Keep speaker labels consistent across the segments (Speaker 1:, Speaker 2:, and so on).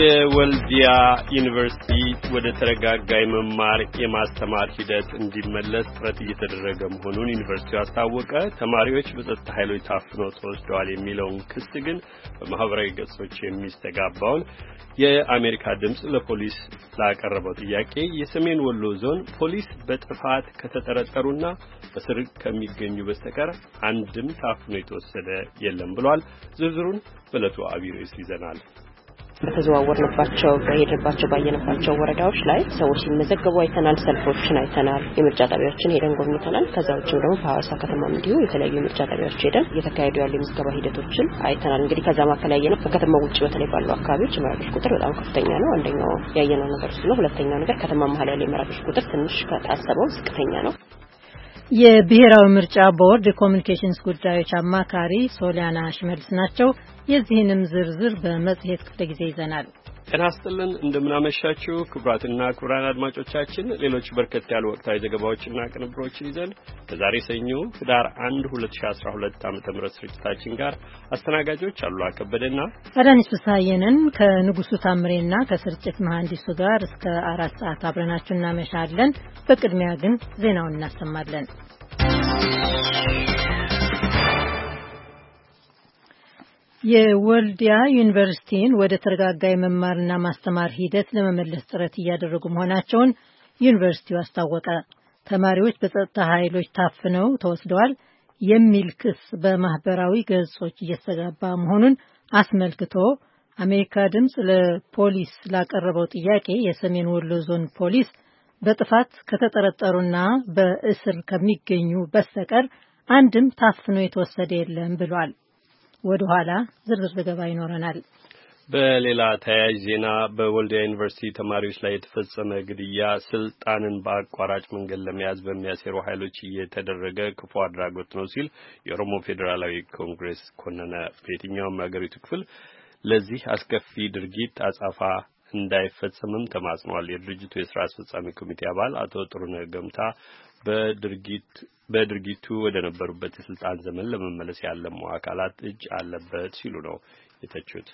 Speaker 1: የወልዲያ ዩኒቨርሲቲ ወደ ተረጋጋ የመማር የማስተማር ሂደት እንዲመለስ ጥረት እየተደረገ መሆኑን ዩኒቨርሲቲው አስታወቀ። ተማሪዎች በጸጥታ ኃይሎች ታፍኖ ተወስደዋል የሚለውን ክስ ግን በማህበራዊ ገጾች የሚስተጋባውን የአሜሪካ ድምፅ ለፖሊስ ላቀረበው ጥያቄ የሰሜን ወሎ ዞን ፖሊስ በጥፋት ከተጠረጠሩና በስር ከሚገኙ በስተቀር አንድም ታፍኖ የተወሰደ የለም ብሏል። ዝርዝሩን በዕለቱ አብይ ይዘናል።
Speaker 2: በተዘዋወርንባቸው በሄደባቸው ባየንባቸው ወረዳዎች ላይ ሰዎች ሲመዘገቡ አይተናል። ሰልፎችን አይተናል። የምርጫ ጣቢያዎችን ሄደን ጎብኝተናል። ከዛ ውጭም ደግሞ በሀዋሳ ከተማም እንዲሁ የተለያዩ የምርጫ ጣቢያዎች ሄደን እየተካሄዱ ያሉ የምዝገባ ሂደቶችን አይተናል። እንግዲህ ከዛ መካከል ያየነው ከከተማ ውጭ በተለይ ባሉ አካባቢዎች የመራጮች ቁጥር በጣም ከፍተኛ ነው። አንደኛው ያየነው ነገር እሱ ነው። ሁለተኛው ነገር ከተማ መሀል ያለ የመራጮች ቁጥር ትንሽ ከታሰበው ዝቅተኛ ነው።
Speaker 3: የብሔራዊ ምርጫ ቦርድ የኮሚኒኬሽንስ ጉዳዮች አማካሪ ሶሊያና ሽመልስ ናቸው። የዚህንም ዝርዝር በመጽሔት ክፍለ ጊዜ ይዘናል። ጤና
Speaker 1: ይስጥልን እንደምናመሻችሁ ክቡራትና ክቡራን አድማጮቻችን ሌሎች በርከት ያሉ ወቅታዊ ዘገባዎችና ቅንብሮችን ይዘን ከዛሬ ሰኞ ህዳር 1 2012 ዓ ም ስርጭታችን ጋር አስተናጋጆች አሉ አከበደና
Speaker 3: አዳነች ፍስሐየንን ከንጉሱ ታምሬና ከስርጭት መሐንዲሱ ጋር እስከ አራት ሰዓት አብረናችሁ እናመሻለን። በቅድሚያ ግን ዜናውን እናሰማለን። የወልዲያ ዩኒቨርሲቲን ወደ ተረጋጋ የመማርና ማስተማር ሂደት ለመመለስ ጥረት እያደረጉ መሆናቸውን ዩኒቨርሲቲው አስታወቀ። ተማሪዎች በጸጥታ ኃይሎች ታፍነው ተወስደዋል የሚል ክስ በማህበራዊ ገጾች እየተስተጋባ መሆኑን አስመልክቶ አሜሪካ ድምፅ ለፖሊስ ላቀረበው ጥያቄ የሰሜን ወሎ ዞን ፖሊስ በጥፋት ከተጠረጠሩና በእስር ከሚገኙ በስተቀር አንድም ታፍኖ የተወሰደ የለም ብሏል። ወደ ኋላ ዝርዝር ዘገባ ይኖረናል።
Speaker 1: በሌላ ተያያዥ ዜና በወልዲያ ዩኒቨርሲቲ ተማሪዎች ላይ የተፈጸመ ግድያ ስልጣንን በአቋራጭ መንገድ ለመያዝ በሚያሴሩ ኃይሎች እየተደረገ ክፉ አድራጎት ነው ሲል የኦሮሞ ፌዴራላዊ ኮንግሬስ ኮነነ። በየትኛውም የሀገሪቱ ክፍል ለዚህ አስከፊ ድርጊት አጻፋ እንዳይፈጸምም ተማጽኗል። የድርጅቱ የስራ አስፈጻሚ ኮሚቴ አባል አቶ ጥሩነ ገምታ በድርጊቱ ወደ ነበሩበት የስልጣን ዘመን ለመመለስ ያለሙ አካላት እጅ አለበት ሲሉ ነው የተቹት።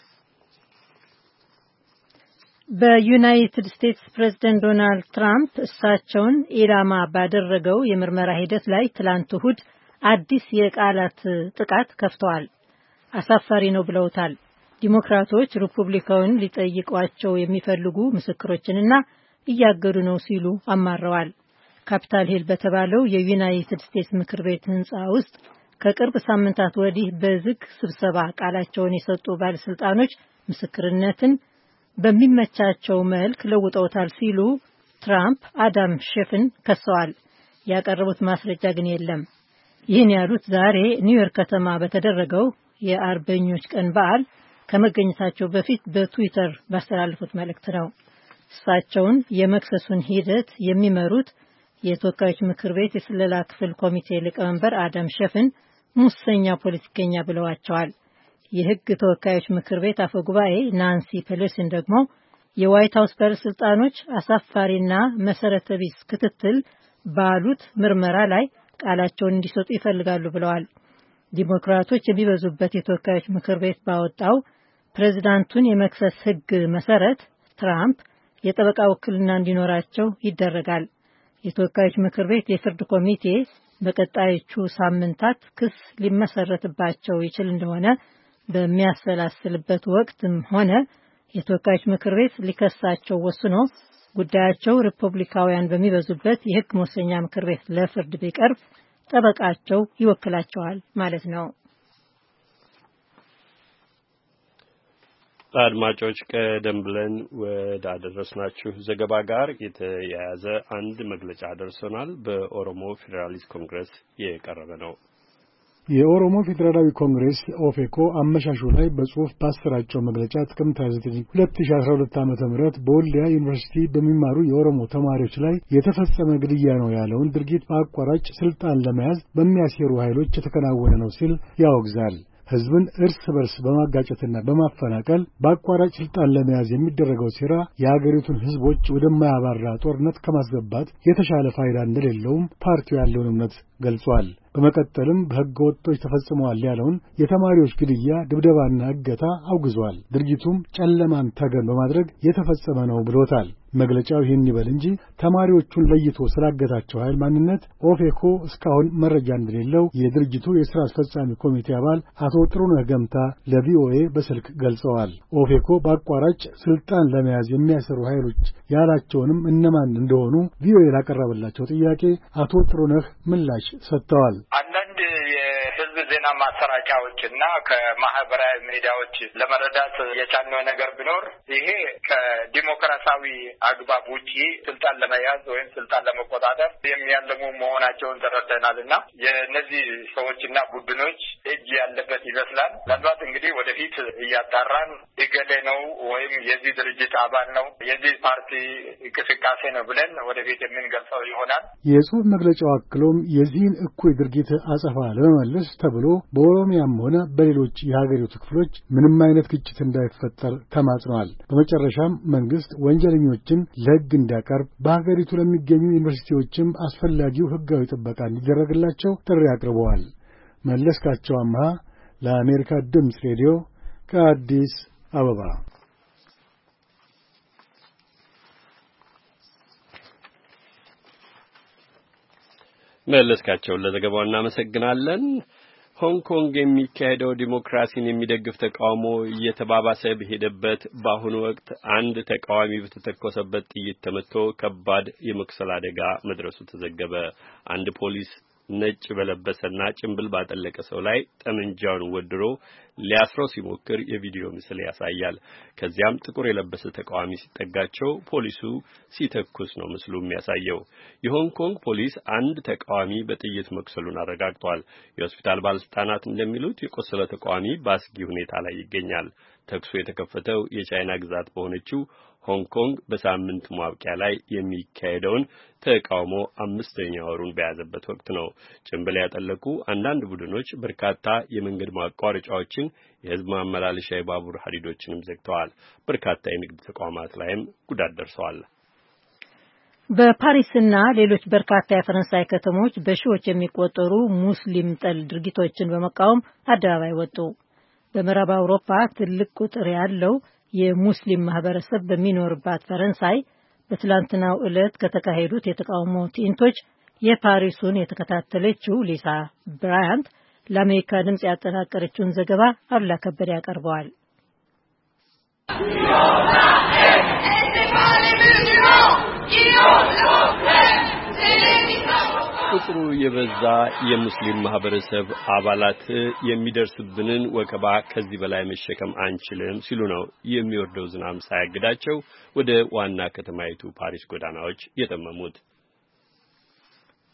Speaker 3: በዩናይትድ ስቴትስ ፕሬዝደንት ዶናልድ ትራምፕ እሳቸውን ኢላማ ባደረገው የምርመራ ሂደት ላይ ትላንት እሁድ አዲስ የቃላት ጥቃት ከፍተዋል። አሳፋሪ ነው ብለውታል። ዲሞክራቶች ሪፑብሊካውን ሊጠይቋቸው የሚፈልጉ ምስክሮችንና እያገዱ ነው ሲሉ አማረዋል። ካፒታል ሂል በተባለው የዩናይትድ ስቴትስ ምክር ቤት ህንፃ ውስጥ ከቅርብ ሳምንታት ወዲህ በዝግ ስብሰባ ቃላቸውን የሰጡ ባለስልጣኖች ምስክርነትን በሚመቻቸው መልክ ለውጠውታል ሲሉ ትራምፕ አዳም ሼፍን ከሰዋል። ያቀረቡት ማስረጃ ግን የለም። ይህን ያሉት ዛሬ ኒውዮርክ ከተማ በተደረገው የአርበኞች ቀን በዓል ከመገኘታቸው በፊት በትዊተር ባስተላለፉት መልእክት ነው። እሳቸውን የመክሰሱን ሂደት የሚመሩት የተወካዮች ምክር ቤት የስለላ ክፍል ኮሚቴ ሊቀመንበር አዳም ሸፍን ሙሰኛ ፖለቲከኛ ብለዋቸዋል። የሕግ ተወካዮች ምክር ቤት አፈ ጉባኤ ናንሲ ፔሎሲን ደግሞ የዋይት ሀውስ ባለስልጣኖች አሳፋሪና መሰረተ ቢስ ክትትል ባሉት ምርመራ ላይ ቃላቸውን እንዲሰጡ ይፈልጋሉ ብለዋል። ዲሞክራቶች የሚበዙበት የተወካዮች ምክር ቤት ባወጣው ፕሬዚዳንቱን የመክሰስ ሕግ መሰረት ትራምፕ የጠበቃ ውክልና እንዲኖራቸው ይደረጋል። የተወካዮች ምክር ቤት የፍርድ ኮሚቴ በቀጣዮቹ ሳምንታት ክስ ሊመሰረትባቸው ይችል እንደሆነ በሚያሰላስልበት ወቅትም ሆነ የተወካዮች ምክር ቤት ሊከሳቸው ወስኖ ጉዳያቸው ሪፐብሊካውያን በሚበዙበት የሕግ መወሰኛ ምክር ቤት ለፍርድ ቢቀርብ ጠበቃቸው ይወክላቸዋል ማለት ነው።
Speaker 1: አድማጮች ቀደም ብለን ወዳደረስናችሁ ዘገባ ጋር የተያያዘ አንድ መግለጫ ደርሶናል። በኦሮሞ ፌዴራሊስት ኮንግረስ የቀረበ ነው።
Speaker 4: የኦሮሞ ፌዴራላዊ ኮንግሬስ ኦፌኮ አመሻሹ ላይ በጽሑፍ ባሰራጨው መግለጫ ጥቅምት 29 2012 ዓ ም በወልዲያ ዩኒቨርሲቲ በሚማሩ የኦሮሞ ተማሪዎች ላይ የተፈጸመ ግድያ ነው ያለውን ድርጊት በአቋራጭ ስልጣን ለመያዝ በሚያሴሩ ኃይሎች የተከናወነ ነው ሲል ያወግዛል። ሕዝብን እርስ በርስ በማጋጨትና በማፈናቀል በአቋራጭ ሥልጣን ለመያዝ የሚደረገው ሴራ የአገሪቱን ሕዝቦች ወደማያባራ ጦርነት ከማስገባት የተሻለ ፋይዳ እንደሌለውም ፓርቲው ያለውን እምነት ገልጿል። በመቀጠልም በሕገ ወጦች ተፈጽመዋል ያለውን የተማሪዎች ግድያ፣ ድብደባና እገታ አውግዟል። ድርጊቱም ጨለማን ተገን በማድረግ የተፈጸመ ነው ብሎታል። መግለጫው ይህን ይበል እንጂ ተማሪዎቹን ለይቶ ስላገታቸው ኃይል ማንነት ኦፌኮ እስካሁን መረጃ እንደሌለው የድርጅቱ የሥራ አስፈጻሚ ኮሚቴ አባል አቶ ጥሩነህ ገምታ ለቪኦኤ በስልክ ገልጸዋል። ኦፌኮ በአቋራጭ ስልጣን ለመያዝ የሚያሰሩ ኃይሎች ያላቸውንም እነማን እንደሆኑ ቪኦኤ ላቀረበላቸው ጥያቄ አቶ ጥሩነህ ምላሽ ሰጥተዋል።
Speaker 5: አንዳንድ ዜና ማሰራጫዎች እና ከማህበራዊ ሚዲያዎች ለመረዳት የቻልነው ነገር ቢኖር ይሄ ከዲሞክራሲያዊ አግባብ ውጪ ስልጣን ለመያዝ ወይም ስልጣን ለመቆጣጠር የሚያለሙ መሆናቸውን ተረድተናል እና የእነዚህ ሰዎችና ቡድኖች እጅ ያለበት ይመስላል። ምናልባት እንግዲህ ወደፊት እያጣራን እገሌ ነው ወይም የዚህ ድርጅት አባል ነው የዚህ ፓርቲ እንቅስቃሴ ነው ብለን ወደፊት የምንገልጸው ይሆናል።
Speaker 4: የጽሁፍ መግለጫው አክሎም የዚህን እኩይ ድርጊት አጸፋ ለመመለስ ተብሎ በኦሮሚያም ሆነ በሌሎች የሀገሪቱ ክፍሎች ምንም አይነት ግጭት እንዳይፈጠር ተማጽነዋል። በመጨረሻም መንግስት ወንጀለኞችን ለህግ እንዲያቀርብ፣ በሀገሪቱ ለሚገኙ ዩኒቨርሲቲዎችም አስፈላጊው ሕጋዊ ጥበቃ እንዲደረግላቸው ጥሪ አቅርበዋል። መለስካቸው አምሃ ለአሜሪካ ድምፅ ሬዲዮ ከአዲስ አበባ
Speaker 1: መለስካቸውን ለዘገባው እናመሰግናለን። ሆንግ ኮንግ የሚካሄደው ዲሞክራሲን የሚደግፍ ተቃውሞ እየተባባሰ በሄደበት በአሁኑ ወቅት አንድ ተቃዋሚ በተተኮሰበት ጥይት ተመትቶ ከባድ የመቁሰል አደጋ መድረሱ ተዘገበ። አንድ ፖሊስ ነጭ በለበሰና ጭንብል ባጠለቀ ሰው ላይ ጠመንጃውን ወድሮ ሊያስረው ሲሞክር የቪዲዮ ምስል ያሳያል። ከዚያም ጥቁር የለበሰ ተቃዋሚ ሲጠጋቸው ፖሊሱ ሲተኩስ ነው ምስሉ የሚያሳየው። የሆንግ ኮንግ ፖሊስ አንድ ተቃዋሚ በጥይት መቁሰሉን አረጋግጧል። የሆስፒታል ባለስልጣናት እንደሚሉት የቆሰለ ተቃዋሚ በአስጊ ሁኔታ ላይ ይገኛል። ተኩሱ የተከፈተው የቻይና ግዛት በሆነችው ሆንግ ኮንግ በሳምንት ማብቂያ ላይ የሚካሄደውን ተቃውሞ አምስተኛ ወሩን በያዘበት ወቅት ነው። ጭንብል ያጠለቁ አንዳንድ ቡድኖች በርካታ የመንገድ ማቋረጫዎችን፣ የህዝብ ማመላለሻ የባቡር ሀዲዶችንም ዘግተዋል። በርካታ የንግድ ተቋማት ላይም ጉዳት ደርሰዋል።
Speaker 3: በፓሪስና ሌሎች በርካታ የፈረንሳይ ከተሞች በሺዎች የሚቆጠሩ ሙስሊም ጠል ድርጊቶችን በመቃወም አደባባይ ወጡ። በምዕራብ አውሮፓ ትልቅ ቁጥር ያለው የሙስሊም ማህበረሰብ በሚኖርባት ፈረንሳይ በትላንትናው ዕለት ከተካሄዱት የተቃውሞ ትዕይንቶች የፓሪሱን የተከታተለችው ሊሳ ብራያንት ለአሜሪካ ድምፅ ያጠናቀረችውን ዘገባ አሉላ ከበደ ያቀርበዋል።
Speaker 6: ቁጥሩ የበዛ
Speaker 1: የሙስሊም ማህበረሰብ አባላት የሚደርስብንን ወከባ ከዚህ በላይ መሸከም አንችልም ሲሉ ነው የሚወርደው ዝናብ ሳያግዳቸው ወደ ዋና ከተማይቱ ፓሪስ ጎዳናዎች የጠመሙት።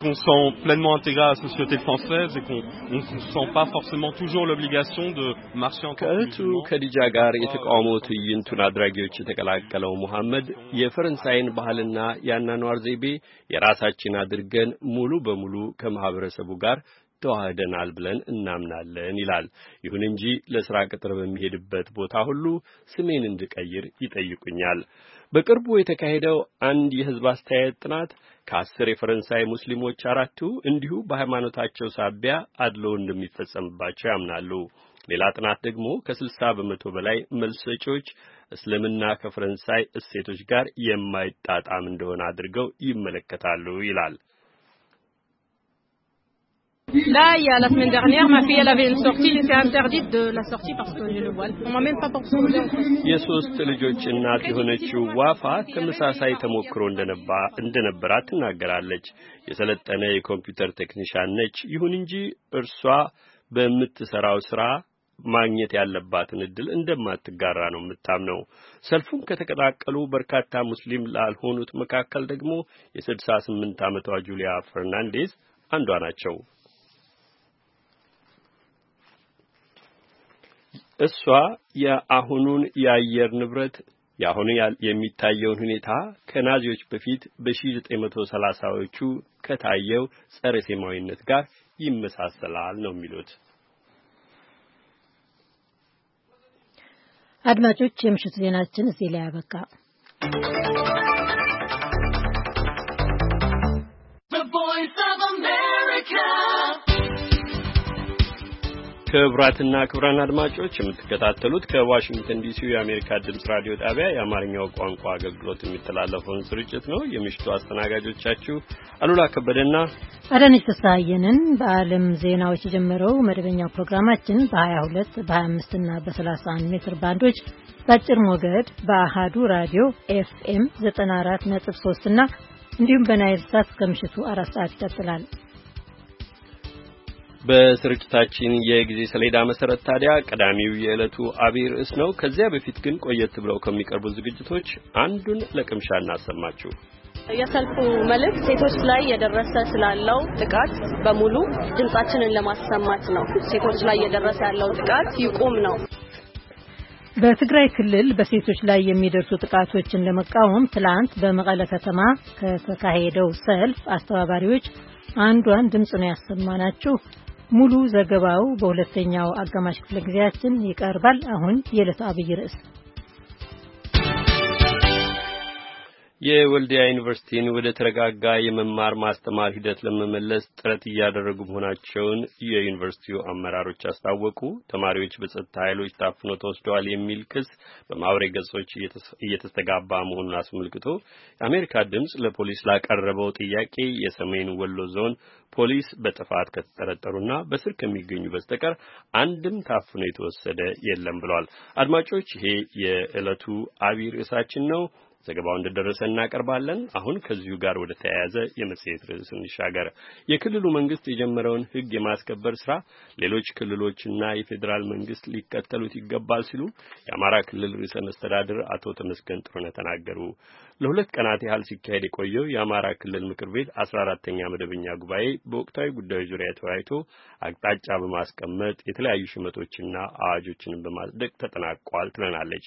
Speaker 6: qu'on
Speaker 7: se sent pleinement intégré à la société française et qu'on ne se sent pas forcément toujours l'obligation de
Speaker 1: marcher en ከእህቱ ከዲጃ ጋር የተቃውሞ ትዕይንቱን አድራጊዎች የተቀላቀለው መሐመድ የፈረንሳይን ባህልና የአኗኗር ዘይቤ የራሳችን አድርገን ሙሉ በሙሉ ከማህበረሰቡ ጋር ተዋህደናል ብለን እናምናለን ይላል። ይሁን እንጂ ለስራ ቅጥር በሚሄድበት ቦታ ሁሉ ስሜን እንድቀይር ይጠይቁኛል። በቅርቡ የተካሄደው አንድ የህዝብ አስተያየት ጥናት ከአስር የፈረንሳይ ሙስሊሞች አራቱ እንዲሁ በሃይማኖታቸው ሳቢያ አድሎ እንደሚፈጸምባቸው ያምናሉ። ሌላ ጥናት ደግሞ ከስልሳ በመቶ በላይ መልስ ሰጪዎች እስልምና ከፈረንሳይ እሴቶች ጋር የማይጣጣም እንደሆነ አድርገው ይመለከታሉ ይላል።
Speaker 6: Là, il y a la semaine dernière, ma fille, elle avait une sortie, était interdite
Speaker 8: de la sortie parce que j'ai le voile. On m'a même pas porté
Speaker 1: የሶስት ልጆች እናት የሆነችው ዋፋ ተመሳሳይ ተሞክሮ እንደነበራ ትናገራለች። የሰለጠነ የኮምፒውተር ቴክኒሻን ነች። ይሁን እንጂ እርሷ በምትሰራው ስራ ማግኘት ያለባትን እድል እንደማትጋራ ነው የምታምነው። ሰልፉን ከተቀላቀሉ በርካታ ሙስሊም ላልሆኑት መካከል ደግሞ የ68 ዓመቷ ጁሊያ ፈርናንዴዝ አንዷ ናቸው። እሷ የአሁኑን የአየር ንብረት የአሁኑ የሚታየውን ሁኔታ ከናዚዎች በፊት በ1930ዎቹ ከታየው ጸረ ሴማዊነት ጋር ይመሳሰላል ነው የሚሉት።
Speaker 3: አድማጮች፣ የምሽቱ ዜናችን እዚህ ላይ አበቃ።
Speaker 1: ክቡራትና ክቡራን አድማጮች የምትከታተሉት ከዋሽንግተን ዲሲ የአሜሪካ ድምፅ ራዲዮ ጣቢያ የአማርኛው ቋንቋ አገልግሎት የሚተላለፈውን ስርጭት ነው። የምሽቱ አስተናጋጆቻችሁ አሉላ ከበደና
Speaker 3: አዳነች ተሳየንን። በዓለም ዜናዎች የጀመረው መደበኛ ፕሮግራማችን በ22 በ25 እና በ31 ሜትር ባንዶች በአጭር ሞገድ በአሃዱ ራዲዮ ኤፍኤም 94.3 እና እንዲሁም በናይል ሳት ከምሽቱ አራት ሰዓት ይቀጥላል።
Speaker 1: በስርጭታችን የጊዜ ሰሌዳ መሰረት ታዲያ ቀዳሚው የዕለቱ አብይ ርዕስ ነው። ከዚያ በፊት ግን ቆየት ብለው ከሚቀርቡ ዝግጅቶች አንዱን ለቅምሻ እናሰማችሁ።
Speaker 9: የሰልፉ መልእክት ሴቶች ላይ የደረሰ ስላለው ጥቃት በሙሉ ድምጻችንን ለማሰማት ነው። ሴቶች ላይ የደረሰ ያለው ጥቃት ይቁም ነው።
Speaker 3: በትግራይ ክልል በሴቶች ላይ የሚደርሱ ጥቃቶችን ለመቃወም ትላንት በመቀለ ከተማ ከተካሄደው ሰልፍ አስተባባሪዎች አንዷን ድምፅ ነው ያሰማናችሁ። ሙሉ ዘገባው በሁለተኛው አጋማሽ ክፍለ ጊዜያችን ይቀርባል። አሁን የዕለቱ አብይ ርዕስ
Speaker 1: የወልዲያ ዩኒቨርሲቲን ወደ ተረጋጋ የመማር ማስተማር ሂደት ለመመለስ ጥረት እያደረጉ መሆናቸውን የዩኒቨርሲቲው አመራሮች አስታወቁ። ተማሪዎች በጸጥታ ኃይሎች ታፍኖ ተወስደዋል የሚል ክስ በማውሬ ገጾች እየተስተጋባ መሆኑን አስመልክቶ የአሜሪካ ድምፅ ለፖሊስ ላቀረበው ጥያቄ የሰሜን ወሎ ዞን ፖሊስ በጥፋት ከተጠረጠሩና በስር ከሚገኙ በስተቀር አንድም ታፍኖ የተወሰደ የለም ብሏል። አድማጮች፣ ይሄ የዕለቱ አቢይ ርዕሳችን ነው። ዘገባው እንደደረሰ እናቀርባለን። አሁን ከዚሁ ጋር ወደ ተያያዘ የመጽሔት ርዕስ እንሻገር። የክልሉ መንግስት የጀመረውን ህግ የማስከበር ስራ ሌሎች ክልሎችና የፌዴራል መንግስት ሊከተሉት ይገባል ሲሉ የአማራ ክልል ርዕሰ መስተዳድር አቶ ተመስገን ጥሩነህ ተናገሩ። ለሁለት ቀናት ያህል ሲካሄድ የቆየው የአማራ ክልል ምክር ቤት አስራ አራተኛ መደበኛ ጉባኤ በወቅታዊ ጉዳዮች ዙሪያ ተወያይቶ አቅጣጫ በማስቀመጥ የተለያዩ ሹመቶችና አዋጆችንም በማጽደቅ ተጠናቋል ትለናለች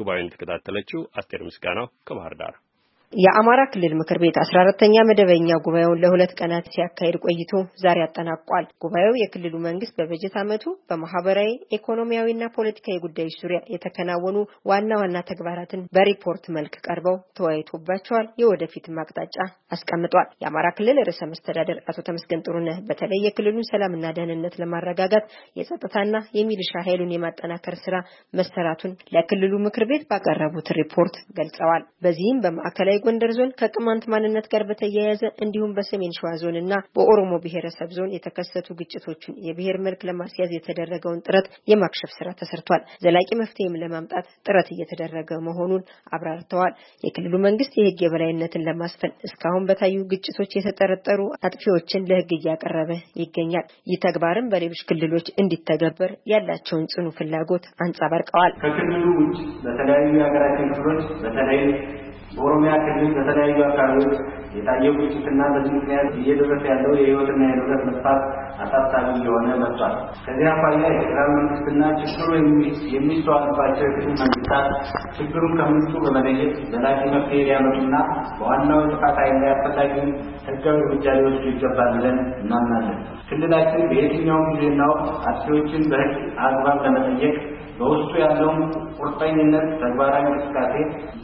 Speaker 1: ጉባኤውን የተከታተለችው አስቴር ምስጋናው ከባህር ዳር
Speaker 8: የአማራ ክልል ምክር ቤት አስራ አራተኛ መደበኛ ጉባኤውን ለሁለት ቀናት ሲያካሄድ ቆይቶ ዛሬ አጠናቋል። ጉባኤው የክልሉ መንግስት በበጀት ዓመቱ በማህበራዊ ኢኮኖሚያዊና ፖለቲካዊ ጉዳዮች ዙሪያ የተከናወኑ ዋና ዋና ተግባራትን በሪፖርት መልክ ቀርበው ተወያይቶባቸዋል። የወደፊትም አቅጣጫ አስቀምጧል። የአማራ ክልል ርዕሰ መስተዳደር አቶ ተመስገን ጥሩነህ በተለይ የክልሉን ሰላምና ደህንነት ለማረጋጋት የጸጥታና የሚሊሻ ኃይሉን የማጠናከር ስራ መሰራቱን ለክልሉ ምክር ቤት ባቀረቡት ሪፖርት ገልጸዋል። በዚህም በማዕከላዊ በጎንደር ዞን ከቅማንት ማንነት ጋር በተያያዘ እንዲሁም በሰሜን ሸዋ ዞን እና በኦሮሞ ብሔረሰብ ዞን የተከሰቱ ግጭቶችን የብሔር መልክ ለማስያዝ የተደረገውን ጥረት የማክሸፍ ስራ ተሰርቷል። ዘላቂ መፍትሄም ለማምጣት ጥረት እየተደረገ መሆኑን አብራርተዋል። የክልሉ መንግስት የህግ የበላይነትን ለማስፈን እስካሁን በታዩ ግጭቶች የተጠረጠሩ አጥፊዎችን ለህግ እያቀረበ ይገኛል። ይህ ተግባርም በሌሎች ክልሎች እንዲተገበር ያላቸውን ጽኑ ፍላጎት አንጸባርቀዋል። ከክልሉ ውጭ
Speaker 10: በተለያዩ የሀገራችን ክፍሎች በተለይ በኦሮሚያ ክልል በተለያዩ አካባቢዎች የታየው ግጭትና በዚህ ምክንያት እየደረሰ ያለው የህይወትና የንብረት መጥፋት አሳሳቢ እየሆነ መጥቷል። ከዚህ አኳያ የፌዴራል መንግስትና ችግሩ የሚስተዋልባቸው የክልል መንግስታት ችግሩን ከምንጩ በመለየት ዘላቂ መፍትሄ ሊያመጡና በዋናው ጥፋት ኃይል ላይ አስፈላጊውን ህጋዊ እርምጃ ሊወስዱ ይገባል ብለን እናምናለን። ክልላችን በየትኛውም ጊዜና ወቅት አጥፊዎችን በህግ አግባብ ለመጠየቅ በውስጡ ያለውን ቁርጠኝነት ተግባራዊ እንቅስቃሴ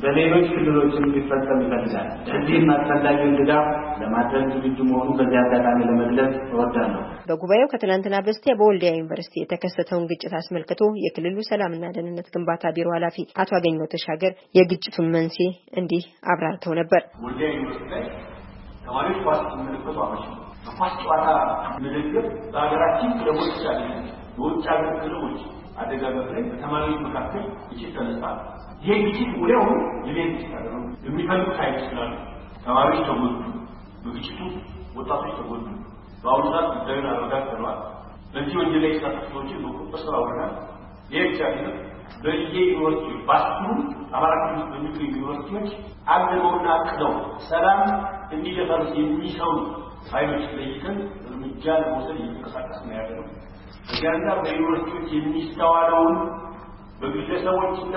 Speaker 10: በሌሎች ክልሎችም እንዲፈጸም ይፈልጋል። እዚህም አስፈላጊውን ድጋፍ ለማድረግ ዝግጁ መሆኑ በዚህ አጋጣሚ ለመግለጽ እወዳለሁ።
Speaker 8: በጉባኤው ከትናንትና በስቲያ በወልዲያ ዩኒቨርሲቲ የተከሰተውን ግጭት አስመልክቶ የክልሉ ሰላምና ደህንነት ግንባታ ቢሮ ኃላፊ አቶ አገኘው ተሻገር የግጭቱን መንስኤ እንዲህ አብራርተው ነበር።
Speaker 10: ወልዲያ ዩኒቨርሲቲ ላይ ተማሪዎች ኳስ ምልክቱ አመች በኳስ ጨዋታ ምልክት በሀገራችን ክለቦች አለ በውጭ ሀገር ክለቦች አደጋ በተለይ በተማሪዎች መካከል ግጭት ተነሳ። ይህ ግጭት ወዲያውኑ የቤት ግጭት አለ ነው የሚፈልጉ ኃይል ይችላሉ። ተማሪዎች ተጎዱ፣ በግጭቱ ወጣቶች ተጎዱ። በአሁኑ ሰዓት ጉዳዩን አረጋት ተሏል። በዚህ ወንጀል ላይ የተሳተፉ ሰዎችን በቁጥጥር ስር አውለናል። ይህ ብቻ ሲሆን በጊዜ ዩኒቨርሲቲ ባስሩ አማራ ክልል በሚገኙ ዩኒቨርሲቲዎች አግዘውና አቅደው ሰላም እንዲደፈርስ የሚሰሩ ኃይሎች ለይተን እርምጃ ለመውሰድ እየተንቀሳቀስ ነው ያለ ነው። ገንዘብ በዩኒቨርሲቲዎች የሚስተዋለውን በግለሰቦችና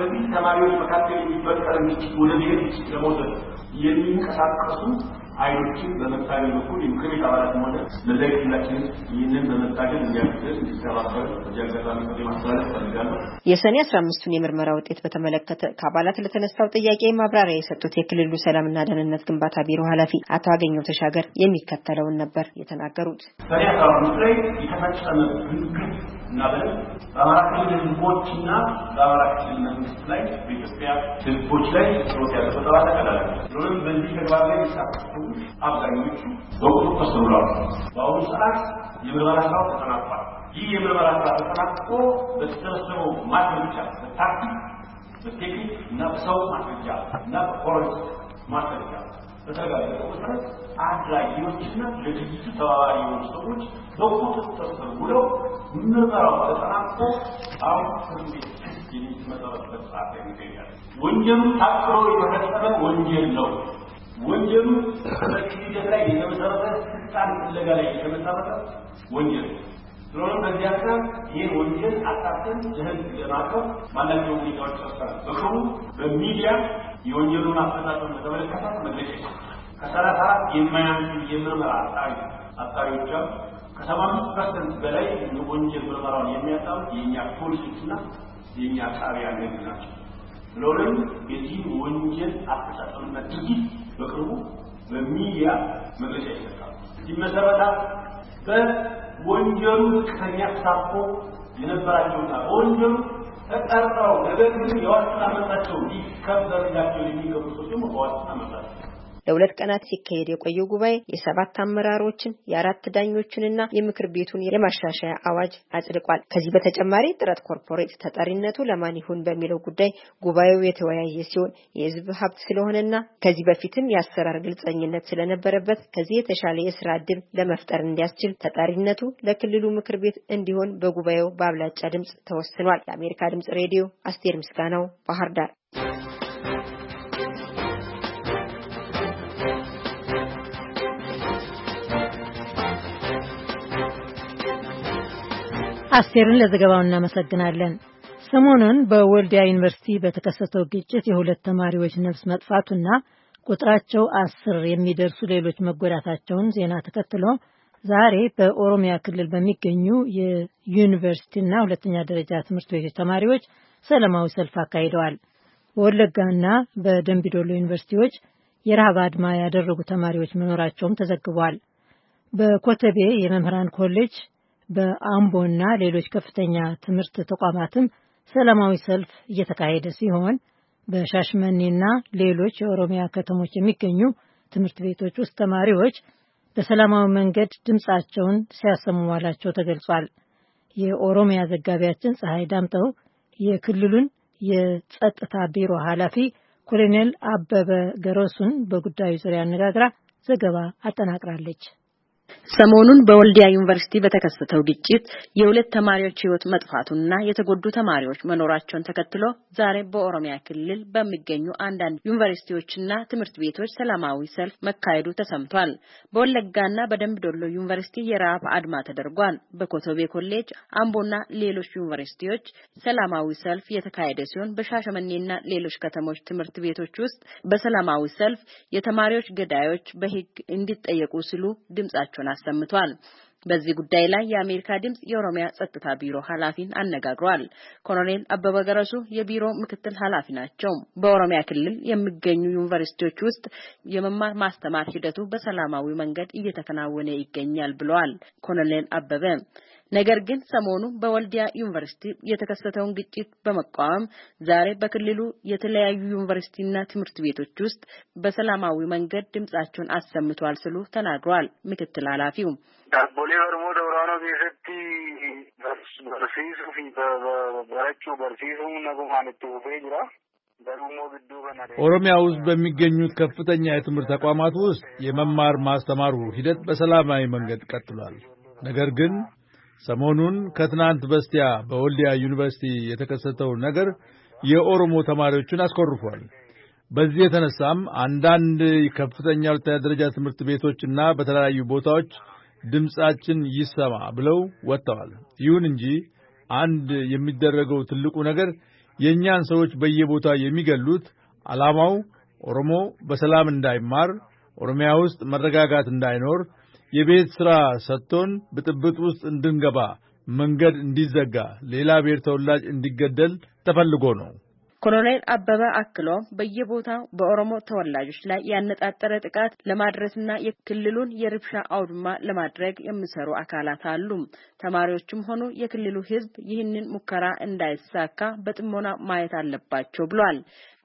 Speaker 10: በሚል ተማሪዎች መካከል የሚፈጠር ግጭት ወደ ብሔር ግጭት ለመውሰድ የሚንቀሳቀሱ አይኖችን በመታገል በኩል የምክር ቤት አባላት ሆነ ለዚያ ክፍላችን ይህንን በመታገል እንዲያግዘን እንዲተባበር በዚህ አጋጣሚ ማስተላለፍ ፈልጋለሁ።
Speaker 8: የሰኔ አስራ አምስቱን የምርመራ ውጤት በተመለከተ ከአባላት ለተነሳው ጥያቄ ማብራሪያ የሰጡት የክልሉ ሰላምና ደህንነት ግንባታ ቢሮ ኃላፊ አቶ አገኘው ተሻገር የሚከተለውን ነበር የተናገሩት። ሰኔ አስራ አምስት
Speaker 10: ላይ የተፈጸመ እና በደንብ በአማራ ክልል ህዝቦችና በአማራ ክልል መንግስት ላይ በኢትዮጵያ ህዝቦች ላይ ጥሮት ያለበት ፈጠራ ተቀላለ በዚህ ተግባር ላይ የተሳተፉ አብዛኞቹ በቁጥር ተስተውለዋል። በአሁኑ ሰዓት የምርመራ ስራው ተጠናቋል። ይህ የምርመራ ስራ ተጠናቅቆ በተሰበሰበው ማስረጃ በታክቲክ በቴክኒክ እና በሰው ማስረጃ እና በኮረጅ ማስረጃ በተረጋገጠው መሰረት አድራጊዎችና ለድርጅቱ ተባባሪ የሆኑ ሰዎች በቁጥር ተሰውለው ምርመራው ተጠናቆ አሁን ፍርድ ቤት የሚመጣበት ሰዓት ላይ ይገኛል። ወንጀሉ ታቅሮ የተፈጸመ ወንጀል ነው። ወንጀሉ በዚህ ሂደት ላይ የተመሰረተ ስልጣን ፍለጋ ላይ የተመሰረተ ወንጀል ነው። ስለሆነም በዚህ ሀሳብ ይህን ወንጀል አጣርተን ለህግ ለማቅረብ ማናቸው ሁኔታዎች ተወሰናል። በክሩ በሚዲያ የወንጀሉን አፈጻጸም በተመለከተ መግለጫ ከሰላሳ የማያንስ የምርመራ አጣሪ አጣሪዎቿ ከሰባ አምስት ፐርሰንት በላይ የወንጀል ምርመራውን የሚያጣሩት የእኛ ፖሊሶችና የእኛ ጣቢያ ነግ ናቸው። ስለሆነም የዚህ ወንጀል አፈጻጸምና ድርጊት በቅርቡ በሚዲያ መግለጫ ይሰጣል። ሲመሰረታ በወንጀሉ ዝቅተኛ ተሳትፎ የነበራቸውና በወንጀሉ ተጠርጠው ነገር ግን የዋስትና መብታቸው ሊከበርላቸው የሚገቡ ሰዎች ደግሞ በዋስትና መብታቸው
Speaker 8: ለሁለት ቀናት ሲካሄድ የቆየው ጉባኤ የሰባት አመራሮችን የአራት ዳኞችንና የምክር ቤቱን የማሻሻያ አዋጅ አጽድቋል። ከዚህ በተጨማሪ ጥረት ኮርፖሬት ተጠሪነቱ ለማን ይሁን በሚለው ጉዳይ ጉባኤው የተወያየ ሲሆን የህዝብ ሀብት ስለሆነና ከዚህ በፊትም የአሰራር ግልጸኝነት ስለነበረበት ከዚህ የተሻለ የስራ እድል ለመፍጠር እንዲያስችል ተጠሪነቱ ለክልሉ ምክር ቤት እንዲሆን በጉባኤው በአብላጫ ድምጽ ተወስኗል። የአሜሪካ ድምጽ ሬዲዮ አስቴር ምስጋናው ባህር ዳር
Speaker 3: አስቴርን ለዘገባው እናመሰግናለን። ሰሞኑን በወልዲያ ዩኒቨርሲቲ በተከሰተው ግጭት የሁለት ተማሪዎች ነፍስ መጥፋቱና ቁጥራቸው አስር የሚደርሱ ሌሎች መጎዳታቸውን ዜና ተከትሎ ዛሬ በኦሮሚያ ክልል በሚገኙ የዩኒቨርሲቲና ሁለተኛ ደረጃ ትምህርት ቤቶች ተማሪዎች ሰላማዊ ሰልፍ አካሂደዋል። በወለጋና በደንቢዶሎ ዩኒቨርሲቲዎች የረሃብ አድማ ያደረጉ ተማሪዎች መኖራቸውም ተዘግቧል። በኮተቤ የመምህራን ኮሌጅ በአምቦና ሌሎች ከፍተኛ ትምህርት ተቋማትም ሰላማዊ ሰልፍ እየተካሄደ ሲሆን በሻሽመኔና ሌሎች የኦሮሚያ ከተሞች የሚገኙ ትምህርት ቤቶች ውስጥ ተማሪዎች በሰላማዊ መንገድ ድምፃቸውን ሲያሰሙ ዋላቸው ተገልጿል። የኦሮሚያ ዘጋቢያችን ፀሐይ ዳምጠው የክልሉን የጸጥታ ቢሮ ኃላፊ ኮሎኔል አበበ ገረሱን በጉዳዩ ዙሪያ አነጋግራ ዘገባ አጠናቅራለች።
Speaker 11: ሰሞኑን በወልዲያ ዩኒቨርሲቲ በተከሰተው ግጭት የሁለት ተማሪዎች ሕይወት መጥፋቱና የተጎዱ ተማሪዎች መኖራቸውን ተከትሎ ዛሬ በኦሮሚያ ክልል በሚገኙ አንዳንድ ዩኒቨርሲቲዎችና ትምህርት ቤቶች ሰላማዊ ሰልፍ መካሄዱ ተሰምቷል። በወለጋና በደንብ ዶሎ ዩኒቨርሲቲ የረሃብ አድማ ተደርጓል። በኮቶቤ ኮሌጅ፣ አምቦና ሌሎች ዩኒቨርሲቲዎች ሰላማዊ ሰልፍ የተካሄደ ሲሆን በሻሸመኔና ሌሎች ከተሞች ትምህርት ቤቶች ውስጥ በሰላማዊ ሰልፍ የተማሪዎች ገዳዮች በሕግ እንዲጠየቁ ሲሉ ድምጻቸው መቃወማቸውን አሰምቷል። በዚህ ጉዳይ ላይ የአሜሪካ ድምጽ የኦሮሚያ ጸጥታ ቢሮ ኃላፊን አነጋግሯል። ኮሎኔል አበበ ገረሱ የቢሮ ምክትል ኃላፊ ናቸው። በኦሮሚያ ክልል የሚገኙ ዩኒቨርሲቲዎች ውስጥ የመማር ማስተማር ሂደቱ በሰላማዊ መንገድ እየተከናወነ ይገኛል ብለዋል ኮሎኔል አበበ ነገር ግን ሰሞኑ በወልዲያ ዩኒቨርሲቲ የተከሰተውን ግጭት በመቃወም ዛሬ በክልሉ የተለያዩ ዩኒቨርሲቲና ትምህርት ቤቶች ውስጥ በሰላማዊ መንገድ ድምጻቸውን አሰምተዋል ስሉ ተናግሯል። ምክትል ኃላፊው
Speaker 4: ዳቦሌ ቤሰቲ በርሲሱ
Speaker 10: በርሲሱ ጅራ
Speaker 12: ኦሮሚያ ውስጥ በሚገኙት ከፍተኛ የትምህርት ተቋማት ውስጥ የመማር ማስተማሩ ሂደት በሰላማዊ መንገድ ቀጥሏል። ነገር ግን ሰሞኑን ከትናንት በስቲያ በወልዲያ ዩኒቨርሲቲ የተከሰተው ነገር የኦሮሞ ተማሪዎችን አስኮርፏል። በዚህ የተነሳም አንዳንድ ከፍተኛ ሁለተኛ ደረጃ ትምህርት ቤቶችና በተለያዩ ቦታዎች ድምፃችን ይሰማ ብለው ወጥተዋል። ይሁን እንጂ አንድ የሚደረገው ትልቁ ነገር የእኛን ሰዎች በየቦታው የሚገሉት ዓላማው ኦሮሞ በሰላም እንዳይማር፣ ኦሮሚያ ውስጥ መረጋጋት እንዳይኖር የቤት ሥራ ሰጥቶን ብጥብጥ ውስጥ እንድንገባ መንገድ እንዲዘጋ፣ ሌላ ብሔር ተወላጅ እንዲገደል ተፈልጎ ነው።
Speaker 11: ኮሎኔል አበበ አክሎም በየቦታው በኦሮሞ ተወላጆች ላይ ያነጣጠረ ጥቃት ለማድረስና የክልሉን የርብሻ አውድማ ለማድረግ የሚሰሩ አካላት አሉ። ተማሪዎችም ሆኑ የክልሉ ሕዝብ ይህንን ሙከራ እንዳይሳካ በጥሞና ማየት አለባቸው ብሏል።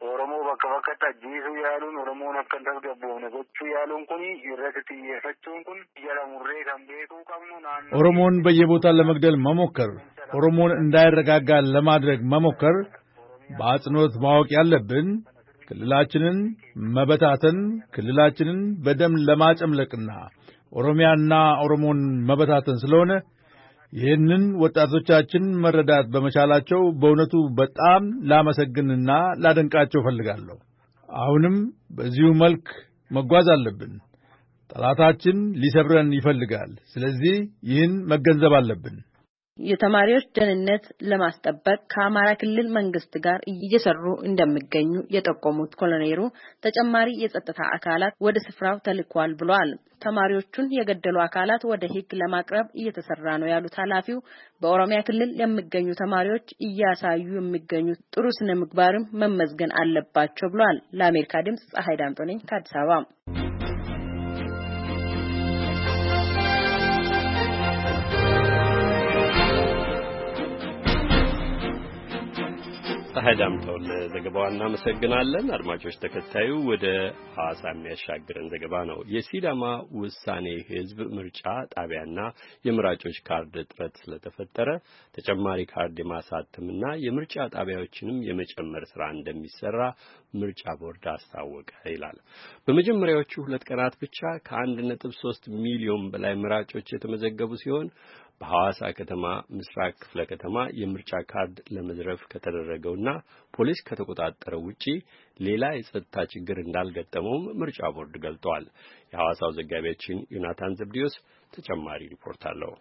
Speaker 10: ኦሮሞ bakka bakkatti ajjeesuu yaaluun oromoon akka hin tasgabboofne gochuu yaaluun kun irratti
Speaker 6: xiyyeeffachuun kun jala murree kan beekuu qabnu naannoo
Speaker 12: ኦሮሞን በየቦታ ለመግደል መሞከር፣ ኦሮሞን እንዳይረጋጋ ለማድረግ መሞከር በአጽንኦት ማወቅ ያለብን ክልላችንን መበታተን ክልላችንን በደም ለማጨምለቅና ኦሮሚያና ኦሮሞን መበታተን ስለሆነ ይህንን ወጣቶቻችን መረዳት በመቻላቸው በእውነቱ በጣም ላመሰግንና ላደንቃቸው እፈልጋለሁ አሁንም በዚሁ መልክ መጓዝ አለብን። ጠላታችን ሊሰብረን ይፈልጋል። ስለዚህ ይህን መገንዘብ አለብን።
Speaker 11: የተማሪዎች ደህንነት ለማስጠበቅ ከአማራ ክልል መንግስት ጋር እየሰሩ እንደሚገኙ የጠቆሙት ኮሎኔሉ ተጨማሪ የጸጥታ አካላት ወደ ስፍራው ተልኳል ብለዋል። ተማሪዎቹን የገደሉ አካላት ወደ ሕግ ለማቅረብ እየተሰራ ነው ያሉት ኃላፊው በኦሮሚያ ክልል ለሚገኙ ተማሪዎች እያሳዩ የሚገኙ ጥሩ ስነ ምግባርም መመዝገን አለባቸው ብለዋል። ለአሜሪካ ድምጽ ፀሐይ ዳምጦ ነኝ ከአዲስ አበባ
Speaker 1: ፀሐይ ዳምጠውን ዘገባው እናመሰግናለን። አድማጮች ተከታዩ ወደ ሐዋሳ የሚያሻግረን ዘገባ ነው። የሲዳማ ውሳኔ ህዝብ ምርጫ ጣቢያና የምራጮች ካርድ እጥረት ስለተፈጠረ ተጨማሪ ካርድ የማሳተምና የምርጫ ጣቢያዎችንም የመጨመር ስራ እንደሚሰራ ምርጫ ቦርድ አስታወቀ ይላል። በመጀመሪያዎቹ ሁለት ቀናት ብቻ ከአንድ ነጥብ ሶስት ሚሊዮን በላይ ምራጮች የተመዘገቡ ሲሆን በሐዋሳ ከተማ ምስራቅ ክፍለ ከተማ የምርጫ ካርድ ለመዝረፍ ከተደረገውና ፖሊስ ከተቆጣጠረው ውጪ ሌላ የጸጥታ ችግር እንዳልገጠመውም ምርጫ ቦርድ ገልጧል። የሐዋሳው ዘጋቢያችን ዮናታን ዘብዲዮስ ተጨማሪ ሪፖርት አለው።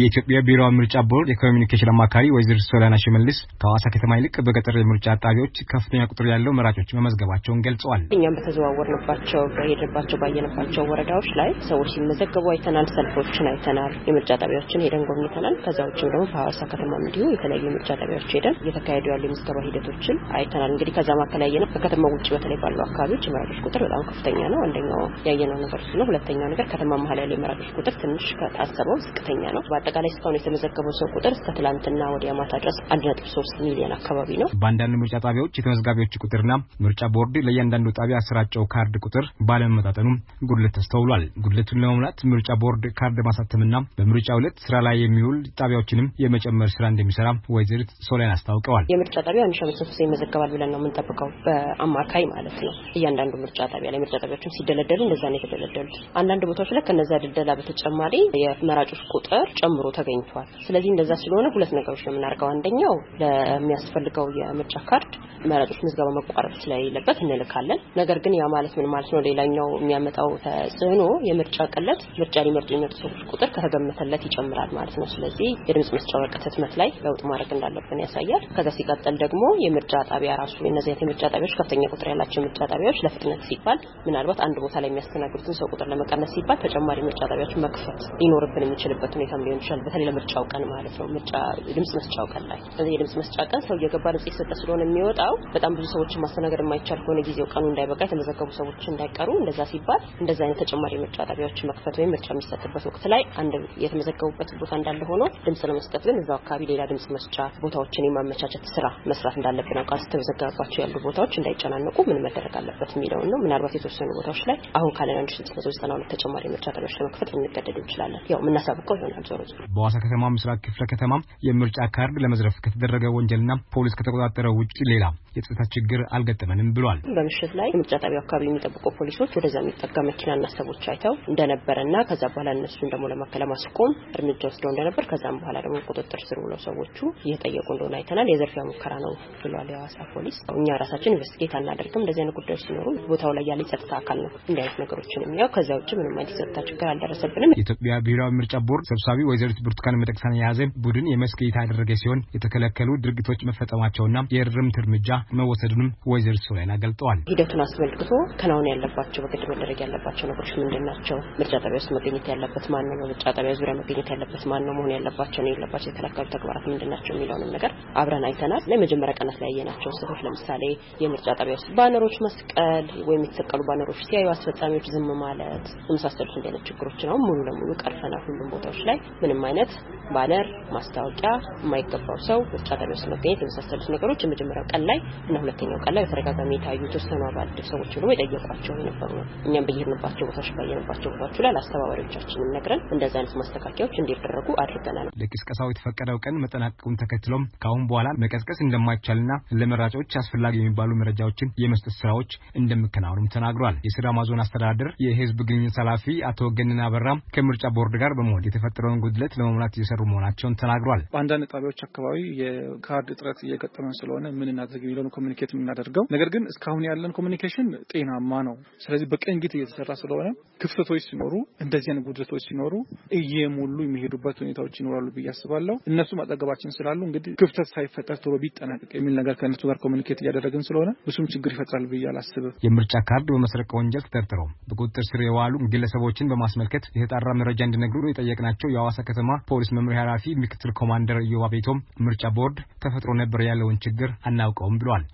Speaker 5: የኢትዮጵያ ብሔራዊ ምርጫ ቦርድ የኮሚኒኬሽን አማካሪ ወይዘሮ ሶሊያና ሽመልስ ከሐዋሳ ከተማ ይልቅ በገጠር የምርጫ ጣቢያዎች ከፍተኛ ቁጥር ያለው መራጮች መመዝገባቸውን ገልጸዋል።
Speaker 2: እኛም በተዘዋወርንባቸው በሄድንባቸው ባየንባቸው ወረዳዎች ላይ ሰዎች ሲመዘገቡ አይተናል። ሰልፎችን አይተናል። የምርጫ ጣቢያዎችን ሄደን ጎብኝተናል። ከዛ ውጭም ደግሞ በሐዋሳ ከተማ እንዲሁ የተለያዩ የምርጫ ጣቢያዎች ሄደን እየተካሄዱ ያሉ የምዝገባ ሂደቶችን አይተናል። እንግዲህ ከዛ መካከል ያየነው በከተማ ውጭ በተለይ ባሉ አካባቢዎች የመራጮች ቁጥር በጣም ከፍተኛ ነው። አንደኛው ያየነው ነገር እሱ ነው። ሁለተኛው ነገር ከተማ መሀል ያለው የመራጮች ቁጥር ትንሽ ከታሰበው ዝቅተኛ ነው። በአጠቃላይ እስካሁን የተመዘገበው ሰው ቁጥር እስከ ትላንትና ወዲያ ማታ ድረስ አንድ ነጥብ ሶስት ሚሊዮን አካባቢ ነው።
Speaker 5: በአንዳንድ ምርጫ ጣቢያዎች የተመዝጋቢዎች ቁጥርና ምርጫ ቦርድ ለእያንዳንዱ ጣቢያ ስራቸው ካርድ ቁጥር ባለመመጣጠኑ ጉድለት ተስተውሏል። ጉድለቱን ለመሙላት ምርጫ ቦርድ ካርድ ማሳተምና በምርጫ ዕለት ስራ ላይ የሚውል ጣቢያዎችንም የመጨመር ስራ እንደሚሰራ ወይዘሪት ሶሊያን አስታውቀዋል።
Speaker 2: የምርጫ ጣቢያ አንድ ሺ አምስት መቶ ሰው ይመዘገባል ብለን ነው የምንጠብቀው በአማካይ ማለት ነው። እያንዳንዱ ምርጫ ጣቢያ ላይ ምርጫ ጣቢያዎችም ሲደለደሉ እንደዛ ነው የተደለደሉት። አንዳንድ ቦታዎች ላይ ከነዛ ድልደላ በተጨማሪ የመራጮች ቁጥር ጨምሮ ተገኝቷል። ስለዚህ እንደዛ ስለሆነ ሁለት ነገሮች ነው የምናደርገው። አንደኛው ለሚያስፈልገው የምርጫ ካርድ መራጮች ምዝገባ መቋረጥ ስለሌለበት እንልካለን። ነገር ግን ያ ማለት ምን ማለት ነው? ሌላኛው የሚያመጣው ተጽዕኖ የምርጫ ቅለት፣ ምርጫ ሊመርጡ የሚመጡ ሰዎች ቁጥር ከተገመተለት ይጨምራል ማለት ነው። ስለዚህ የድምጽ መስጫ ወረቀት ህትመት ላይ ለውጥ ማድረግ እንዳለብን ያሳያል። ከዛ ሲቀጥል ደግሞ የምርጫ ጣቢያ ራሱ እነዚህ የምርጫ ጣቢያዎች ከፍተኛ ቁጥር ያላቸው የምርጫ ጣቢያዎች ለፍጥነት ሲባል ምናልባት አንድ ቦታ ላይ የሚያስተናግዱትን ሰው ቁጥር ለመቀነስ ሲባል ተጨማሪ ምርጫ ጣቢያዎች መክፈት ሊኖርብን የሚችልበት ሁኔታም ሊሆን ይረብሻል። በተለይ ለምርጫው ቀን ማለት ነው። ምርጫ ድምጽ መስጫው ቀን ላይ ስለዚህ የድምጽ መስጫ ቀን ሰው እየገባ ድምጽ እየሰጠ ስለሆነ የሚወጣው በጣም ብዙ ሰዎችን ማስተናገድ የማይቻል ከሆነ ጊዜው ቀኑ እንዳይበቃ የተመዘገቡ ሰዎች እንዳይቀሩ እንደዛ ሲባል እንደዛ አይነት ተጨማሪ ምርጫ ጣቢያዎችን መክፈት ወይም ምርጫ የሚሰጥበት ወቅት ላይ አንድ የተመዘገቡበት ቦታ እንዳለ ሆኖ ድምጽ ለመስጠት ግን እዛው አካባቢ ሌላ ድምጽ መስጫ ቦታዎችን የማመቻቸት ስራ መስራት እንዳለብን አውቃ ስተመዘገበባቸው ያሉ ቦታዎች እንዳይጨናነቁ ምን መደረግ አለበት የሚለውን ነው። ምናልባት የተወሰኑ ቦታዎች ላይ አሁን ካለን አንድ ሺ ስድስት መቶ ዘጠና ሁለት ተጨማሪ ምርጫ ጣቢያዎች ለመክፈት ልንገደድ እንችላለን። ያው የምናሳብቀው ይሆናል ዞሮ
Speaker 5: በዋሳ ከተማ ምስራቅ ክፍለ ከተማ የምርጫ ካርድ ለመዝረፍ ከተደረገ ወንጀልና ፖሊስ ከተቆጣጠረ ውጭ ሌላ የጸጥታ ችግር አልገጠመንም ብሏል።
Speaker 2: በምሽት ላይ የምርጫ ጣቢያው አካባቢ የሚጠብቁ ፖሊሶች ወደዛ የሚጠጋ መኪናና ሰዎች አይተው እንደነበረና ከዛ በኋላ እነሱን ደግሞ ለመከላ ማስቆም እርምጃ ወስደው እንደነበር ከዛም በኋላ ደግሞ ቁጥጥር ስር ብለው ሰዎቹ እየጠየቁ እንደሆነ አይተናል። የዘርፊያ ሙከራ ነው ብሏል የሐዋሳ ፖሊስ። እኛ ራሳችን ኢንቨስቲጌት አናደርግም። እንደዚህ አይነት ጉዳዮች ሲኖሩ ቦታው ላይ ያለ የጸጥታ አካል ነው እንዲህ አይነት ነገሮችን የሚያው። ከዚያ ውጭ ምንም አይነት የጸጥታ ችግር አልደረሰብንም።
Speaker 5: የኢትዮጵያ ብሔራዊ ምርጫ ቦርድ ሰብሳቢ ወይዘ ወይዘሪት ብርቱካን ሚደቅሳን የያዘ ቡድን የመስክ እይታ ያደረገ ሲሆን የተከለከሉ ድርጊቶች መፈጸማቸውና የእርምት እርምጃ መወሰዱንም ወይዘሪት ሶሊያና ገልጠዋል።
Speaker 2: ሂደቱን አስመልክቶ ከናውን ያለባቸው በግድ መደረግ ያለባቸው ነገሮች ምንድን ናቸው? ምርጫ ጣቢያ ውስጥ መገኘት ያለበት ማን ነው? በምርጫ ጣቢያ ዙሪያ መገኘት ያለበት ማን ነው? መሆን ያለባቸው ነው የሌለባቸው የተከለከሉ ተግባራት ምንድን ናቸው? የሚለውንም ነገር አብረን አይተናል። ለመጀመሪያ ቀናት ላይ ያየናቸው ስህተቶች ለምሳሌ የምርጫ ጣቢያ ውስጥ ባነሮች መስቀል ወይም የተሰቀሉ ባነሮች ሲያዩ አስፈጻሚዎች ዝም ማለት የመሳሰሉት እንዲነት ችግሮች ነው ሙሉ ለሙሉ ቀርፈናል። ሁሉም ቦታዎች ላይ ምንም አይነት ባነር፣ ማስታወቂያ የማይገባው ሰው ምርጫ ጣቢያ መገኘት የመሳሰሉት ነገሮች የመጀመሪያው ቀን ላይ እና ሁለተኛው ቀን ላይ በተደጋጋሚ የታዩ የተወሰኑ አባልድር ሰዎች ደግሞ የጠየቋቸው የነበሩ ነው። እኛም በየሄድንባቸው ቦታዎች ባየንባቸው ቦታዎች ላይ ለአስተባባሪዎቻችንን ነግረን እንደዚህ አይነት ማስተካከያዎች እንዲደረጉ አድርገናል።
Speaker 5: ለቅስቀሳው የተፈቀደው ቀን መጠናቀቁን ተከትሎም ከአሁን በኋላ መቀስቀስ እንደማይቻልና ለመራጮች አስፈላጊ የሚባሉ መረጃዎችን የመስጠት ስራዎች እንደሚከናወኑም ተናግሯል። የሲዳማ ዞን አስተዳደር የህዝብ ግንኙነት ኃላፊ አቶ ገነና አበራ ከምርጫ ቦርድ ጋር በመሆን የተፈጠረውን ጉድለት ለመሙላት እየሰሩ መሆናቸውን ተናግሯል።
Speaker 13: በአንዳንድ ጣቢያዎች አካባቢ የካርድ እጥረት እየገጠመን ስለሆነ ምን እናደርግ የሚለውን ኮሚኒኬት የምናደርገው ነገር ግን እስካሁን ያለን ኮሚኒኬሽን ጤናማ ነው። ስለዚህ በቅንጅት እየተሰራ ስለሆነ
Speaker 4: ክፍተቶች ሲኖሩ
Speaker 13: እንደዚህ አይነት ጉድለቶች ሲኖሩ እየሞሉ የሚሄዱበት ሁኔታዎች ይኖራሉ ብዬ አስባለሁ። እነሱም አጠገባችን ስላሉ እንግዲህ ክፍተት ሳይፈጠር ቶሎ ቢጠናቀቅ የሚል ነገር ከእነሱ ጋር ኮሚኒኬት እያደረግን ስለሆነ ብሱም ችግር ይፈጥራል ብዬ አላስብም። የምርጫ ካርድ
Speaker 5: በመስረቀ ወንጀል ተጠርጥረው በቁጥጥር ስር የዋሉ ግለሰቦችን በማስመልከት የተጣራ መረጃ እንዲነግሩ የጠየቅናቸው የአዋሳ ከተማ ፖሊስ መምሪያ ኃላፊ ምክትል ኮማንደር ቤቶም ምርጫ ቦርድ ተፈጥሮ ነበር ያለውን ችግር አናውቀውም ብሏል።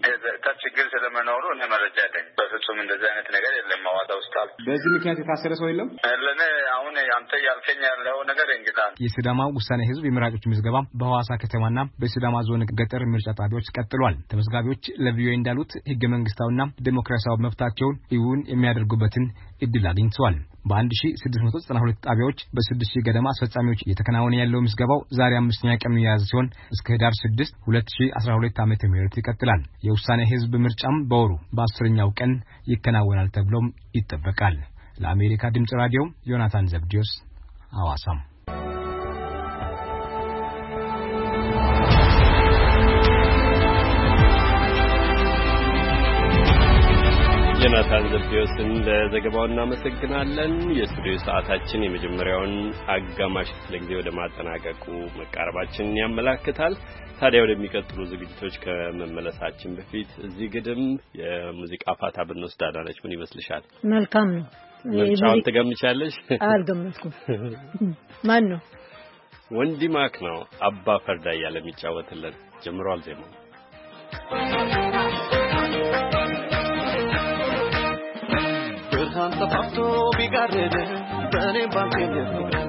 Speaker 5: ችግር ስለመኖሩ እኔ መረጃ በፍጹም እንደዚህ አይነት ነገር የለም። አዋሳ ውስጥ በዚህ ምክንያት የታሰረ ሰው የለም። ለእኔ አሁን አንተ ያልከኝ ያለው ነገር እንግዳ የሲዳማ ውሳኔ ህዝብ የመራጮች ምዝገባ በሐዋሳ ከተማና በሲዳማ ዞን ገጠር ምርጫ ጣቢያዎች ቀጥሏል። ተመዝጋቢዎች ለቪኦኤ እንዳሉት ህገ መንግስታዊና ዴሞክራሲያዊ መብታቸውን እውን የሚያደርጉበትን እድል አግኝተዋል። በ1692 ጣቢያዎች በ6000 ገደማ አስፈጻሚዎች እየተከናወነ ያለው ምዝገባው ዛሬ አምስተኛ ቀኑ የያዘ ሲሆን እስከ ህዳር 6 2012 ዓ ም ይቀጥላል። የውሳኔ ህዝብ ምርጫም በወሩ በአስረኛው ቀን ይከናወናል ተብሎም ይጠበቃል። ለአሜሪካ ድምፅ ራዲዮ ዮናታን ዘብዲዮስ አዋሳም
Speaker 1: ዮናታን ዘብዴዎስን ለዘገባው እናመሰግናለን። የስቱዲዮ ሰዓታችን የመጀመሪያውን አጋማሽ ክፍለ ጊዜ ወደ ማጠናቀቁ መቃረባችንን ያመላክታል። ታዲያ ወደሚቀጥሉ ዝግጅቶች ከመመለሳችን በፊት እዚህ ግድም የሙዚቃ ፋታ ብንወስድ አዳነች፣ ምን ይመስልሻል?
Speaker 3: መልካም ነው። ምርጫውን
Speaker 1: ትገምቻለሽ?
Speaker 3: አልገመትኩም። ማን ነው?
Speaker 1: ወንዲ ማክ ነው። አባ ፈርዳ እያለ የሚጫወትልን ጀምሯል ዜማው ተፋፍቶ ቢጋርድ
Speaker 7: በእኔ ባንቴል ፍቅርን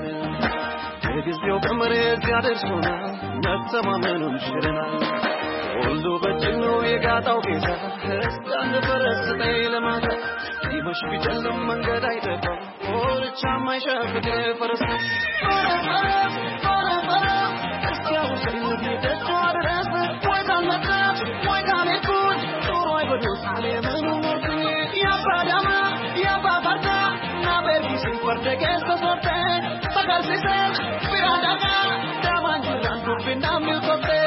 Speaker 7: በጊዜው በመሬት ያደርሶናል፣ መተማመኑን ሽረናል። ሁሉ በጭኑ የጋጣው ጌታ እስካን በረስጠ ለማታ ሲመሽ ቢጨልም መንገድ አይጠፋም ኮርቻ ማይሻ ፍቅር ፈረስ teges
Speaker 6: to sote Pagal si sel, pirata ka Daman junan tu pinamil kote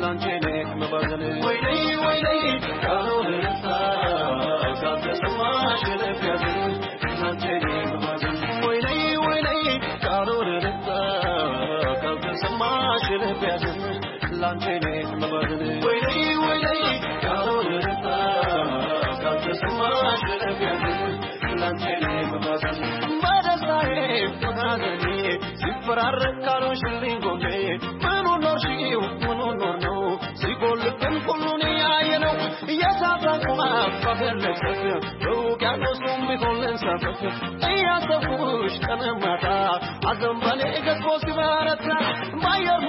Speaker 7: Lanchene, me bagane. Wait, wait, wait. Karo de rasa, kaise samajh le. ማንሳፈፊያ በውቅያኖሱም ቢሆን ልንሳፈፊያ እያሰብኩሽ ቀን ማታ አዘንበኔ ገዝፎ ሲበረታ በአየር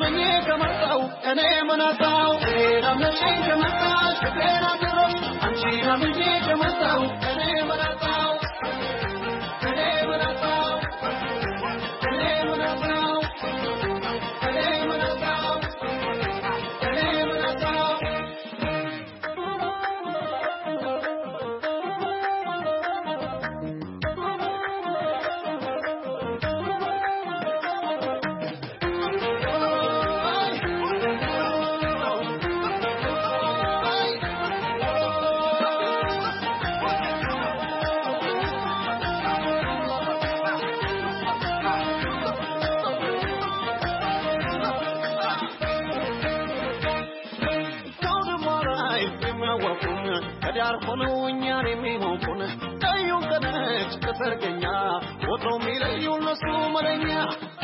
Speaker 7: ምን ከመጣው እኔ ምን አጣው እኔ ለምንሽ ከመጣሽ እኔ ሰርገኛ ወትሮ የሚለዩ እነሱ መለኛ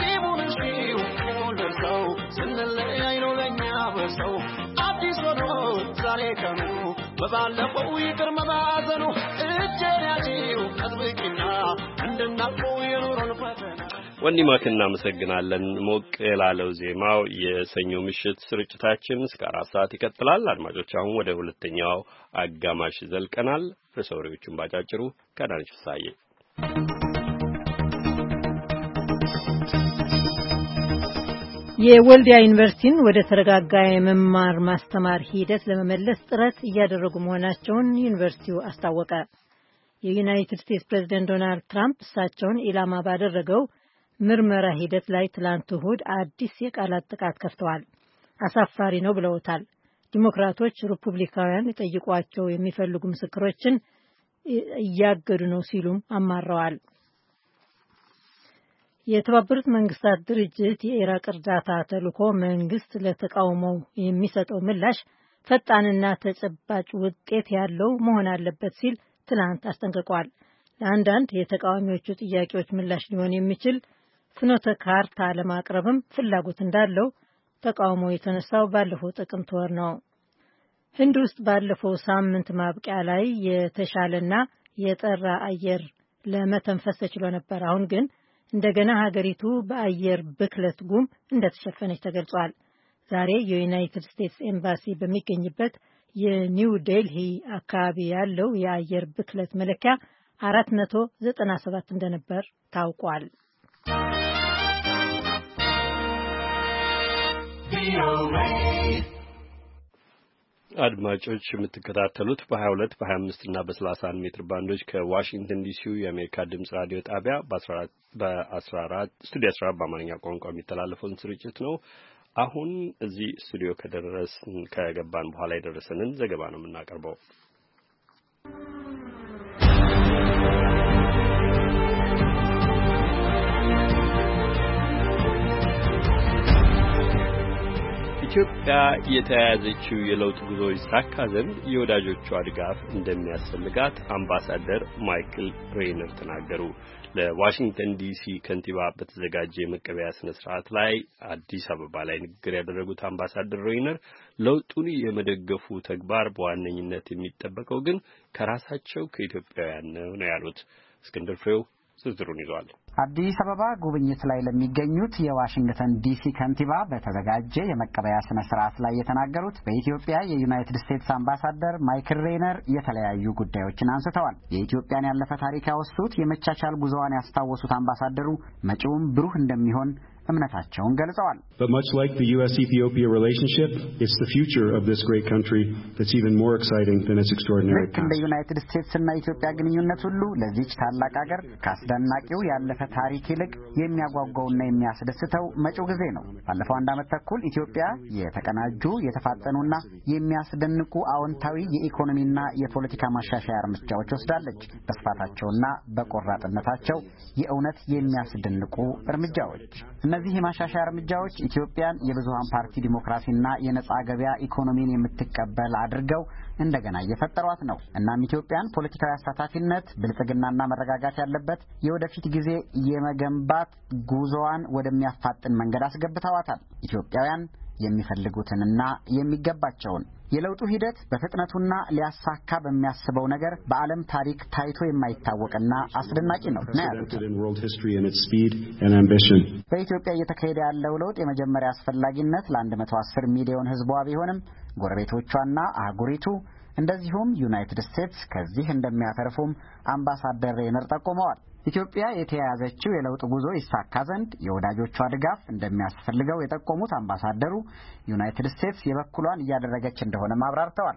Speaker 7: ቂሙን እንሽው ቂሙን ደርሰው ስንለያይ ነው ለእኛ በሰው አዲስ ሆኖ ዛሬ ቀኑ በባለፈው ይቅር መባዘኑ እጄን ያዢው አጥብቂና እንድናልፈው የኑሮን ፈተና
Speaker 1: ወንዲ ማክ እናመሰግናለን። ሞቅ ላለው ዜማው የሰኞ ምሽት ስርጭታችን እስከ አራት ሰዓት ይቀጥላል። አድማጮች አሁን ወደ ሁለተኛው አጋማሽ ዘልቀናል። ርዕሰ ወሬዎቹን ባጫጭሩ ከዳንች ሳዬ
Speaker 3: የወልዲያ ዩኒቨርሲቲን ወደ ተረጋጋ የመማር ማስተማር ሂደት ለመመለስ ጥረት እያደረጉ መሆናቸውን ዩኒቨርሲቲው አስታወቀ። የዩናይትድ ስቴትስ ፕሬዝደንት ዶናልድ ትራምፕ እሳቸውን ኢላማ ባደረገው ምርመራ ሂደት ላይ ትላንት እሁድ አዲስ የቃላት ጥቃት ከፍተዋል። አሳፋሪ ነው ብለውታል። ዲሞክራቶች ሪፑብሊካውያን ሊጠይቋቸው የሚፈልጉ ምስክሮችን እያገዱ ነው ሲሉም አማረዋል። የተባበሩት መንግስታት ድርጅት የኢራቅ እርዳታ ተልዕኮ መንግስት ለተቃውሞው የሚሰጠው ምላሽ ፈጣንና ተጨባጭ ውጤት ያለው መሆን አለበት ሲል ትናንት አስጠንቅቋል። ለአንዳንድ የተቃዋሚዎቹ ጥያቄዎች ምላሽ ሊሆን የሚችል ፍኖተ ካርታ ለማቅረብም ፍላጎት እንዳለው ተቃውሞ የተነሳው ባለፈው ጥቅምት ወር ነው። ህንድ ውስጥ ባለፈው ሳምንት ማብቂያ ላይ የተሻለና የጠራ አየር ለመተንፈስ ተችሎ ነበር። አሁን ግን እንደገና ሀገሪቱ በአየር ብክለት ጉም እንደተሸፈነች ተገልጿል። ዛሬ የዩናይትድ ስቴትስ ኤምባሲ በሚገኝበት የኒው ዴልሂ አካባቢ ያለው የአየር ብክለት መለኪያ 497 እንደነበር ታውቋል።
Speaker 6: ቪኦኤ
Speaker 1: አድማጮች የምትከታተሉት በ22 በ25 እና በ31 ሜትር ባንዶች ከዋሽንግተን ዲሲው የአሜሪካ ድምፅ ራዲዮ ጣቢያ በ14 ስቱዲዮ 14 በአማርኛ ቋንቋ የሚተላለፈውን ስርጭት ነው። አሁን እዚህ ስቱዲዮ ከደረስን ከገባን በኋላ የደረሰንን ዘገባ ነው የምናቀርበው። ኢትዮጵያ የተያያዘችው የለውጥ ጉዞ ይሳካ ዘንድ የወዳጆቿ ድጋፍ እንደሚያስፈልጋት አምባሳደር ማይክል ሬይነር ተናገሩ። ለዋሽንግተን ዲሲ ከንቲባ በተዘጋጀ የመቀበያ ስነ ስርዓት ላይ አዲስ አበባ ላይ ንግግር ያደረጉት አምባሳደር ሮይነር ለውጡን የመደገፉ ተግባር በዋነኝነት የሚጠበቀው ግን ከራሳቸው ከኢትዮጵያውያን ነው ነው ያሉት። እስክንድር ፍሬው ዝርዝሩን ይዟል።
Speaker 14: አዲስ አበባ ጉብኝት ላይ ለሚገኙት የዋሽንግተን ዲሲ ከንቲባ በተዘጋጀ የመቀበያ ስነ ስርዓት ላይ የተናገሩት በኢትዮጵያ የዩናይትድ ስቴትስ አምባሳደር ማይክል ሬነር የተለያዩ ጉዳዮችን አንስተዋል። የኢትዮጵያን ያለፈ ታሪክ ያወሱት የመቻቻል ጉዞዋን ያስታወሱት አምባሳደሩ መጪውም ብሩህ እንደሚሆን
Speaker 15: እምነታቸውን ገልጸዋል። ልክ
Speaker 14: እንደ ዩናይትድ ስቴትስና ኢትዮጵያ ግንኙነት ሁሉ ለዚች ታላቅ አገር ከአስደናቂው ያለፈ ታሪክ ይልቅ የሚያጓጓውና የሚያስደስተው መጪው ጊዜ ነው። ባለፈው አንድ ዓመት ተኩል ኢትዮጵያ የተቀናጁ የተፋጠኑና የሚያስደንቁ አዎንታዊ የኢኮኖሚና የፖለቲካ ማሻሻያ እርምጃዎች ወስዳለች። በስፋታቸውና በቆራጥነታቸው የእውነት የሚያስደንቁ እርምጃዎች እነዚህ የማሻሻያ እርምጃዎች ኢትዮጵያን የብዙሀን ፓርቲ ዲሞክራሲና የነጻ ገበያ ኢኮኖሚን የምትቀበል አድርገው እንደገና እየፈጠሯት ነው። እናም ኢትዮጵያን ፖለቲካዊ አሳታፊነት፣ ብልጽግናና መረጋጋት ያለበት የወደፊት ጊዜ የመገንባት ጉዞዋን ወደሚያፋጥን መንገድ አስገብተዋታል። ኢትዮጵያውያን የሚፈልጉትንና የሚገባቸውን የለውጡ ሂደት በፍጥነቱና ሊያሳካ በሚያስበው ነገር በዓለም ታሪክ ታይቶ የማይታወቅና አስደናቂ ነው ያሉት። በኢትዮጵያ እየተካሄደ ያለው ለውጥ የመጀመሪያ አስፈላጊነት ለ110 ሚሊዮን ሕዝቧ ቢሆንም ጎረቤቶቿና አህጉሪቱ እንደዚሁም ዩናይትድ ስቴትስ ከዚህ እንደሚያተርፉም አምባሳደር ሬነር ጠቁመዋል። ኢትዮጵያ የተያያዘችው የለውጥ ጉዞ ይሳካ ዘንድ የወዳጆቿ ድጋፍ እንደሚያስፈልገው የጠቆሙት አምባሳደሩ ዩናይትድ ስቴትስ የበኩሏን እያደረገች
Speaker 15: እንደሆነም አብራርተዋል።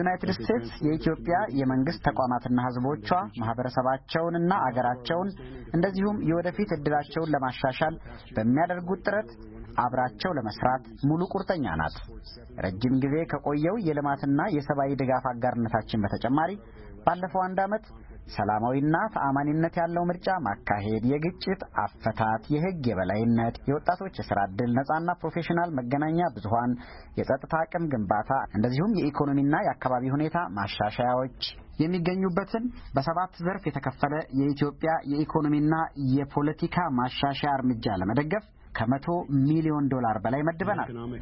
Speaker 14: ዩናይትድ ስቴትስ የኢትዮጵያ የመንግስት ተቋማትና ሕዝቦቿ ማህበረሰባቸውንና አገራቸውን እንደዚሁም የወደፊት እድላቸውን ለማሻሻል በሚያደርጉት ጥረት አብራቸው ለመስራት ሙሉ ቁርጠኛ ናት። ረጅም ጊዜ ከቆየው የልማትና የሰብአዊ ድጋፍ አጋርነታችን በተጨማሪ ባለፈው አንድ ዓመት ሰላማዊና ተአማኒነት ያለው ምርጫ ማካሄድ፣ የግጭት አፈታት፣ የሕግ የበላይነት፣ የወጣቶች የስራ ዕድል፣ ነጻና ፕሮፌሽናል መገናኛ ብዙሀን፣ የጸጥታ አቅም ግንባታ እንደዚሁም የኢኮኖሚና የአካባቢ ሁኔታ ማሻሻያዎች የሚገኙበትን በሰባት ዘርፍ የተከፈለ የኢትዮጵያ የኢኮኖሚና የፖለቲካ ማሻሻያ እርምጃ ለመደገፍ ከመቶ ሚሊዮን ዶላር በላይ መድበናል ነው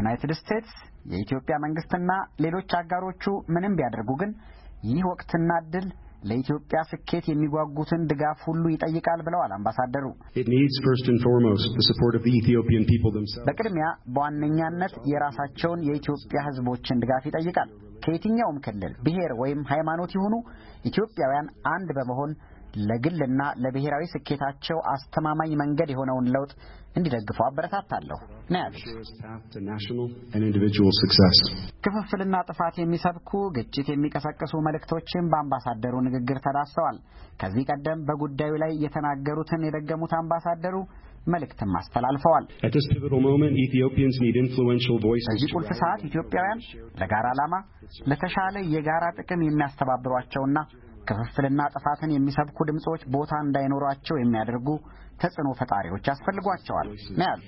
Speaker 14: ዩናይትድ ስቴትስ የኢትዮጵያ መንግስትና ሌሎች አጋሮቹ ምንም ቢያደርጉ ግን ይህ ወቅትና እድል ለኢትዮጵያ ስኬት የሚጓጉትን ድጋፍ ሁሉ ይጠይቃል ብለዋል አምባሳደሩ። በቅድሚያ በዋነኛነት የራሳቸውን የኢትዮጵያ ህዝቦችን ድጋፍ ይጠይቃል። ከየትኛውም ክልል፣ ብሔር ወይም ሃይማኖት የሆኑ ኢትዮጵያውያን አንድ በመሆን ለግልና ለብሔራዊ ስኬታቸው አስተማማኝ መንገድ የሆነውን ለውጥ እንዲደግፉ አበረታታለሁ ክፍፍልና ጥፋት የሚሰብኩ ግጭት የሚቀሰቅሱ መልእክቶችን በአምባሳደሩ ንግግር ተዳስተዋል። ከዚህ ቀደም በጉዳዩ ላይ የተናገሩትን የደገሙት አምባሳደሩ መልእክትም አስተላልፈዋል።
Speaker 15: በዚህ ቁልፍ ሰዓት
Speaker 14: ኢትዮጵያውያን ለጋራ ዓላማ ለተሻለ የጋራ ጥቅም የሚያስተባብሯቸውና ክፍፍልና ጥፋትን የሚሰብኩ ድምጾች ቦታ እንዳይኖሯቸው የሚያደርጉ ተጽዕኖ ፈጣሪዎች ያስፈልጓቸዋል መያዝ።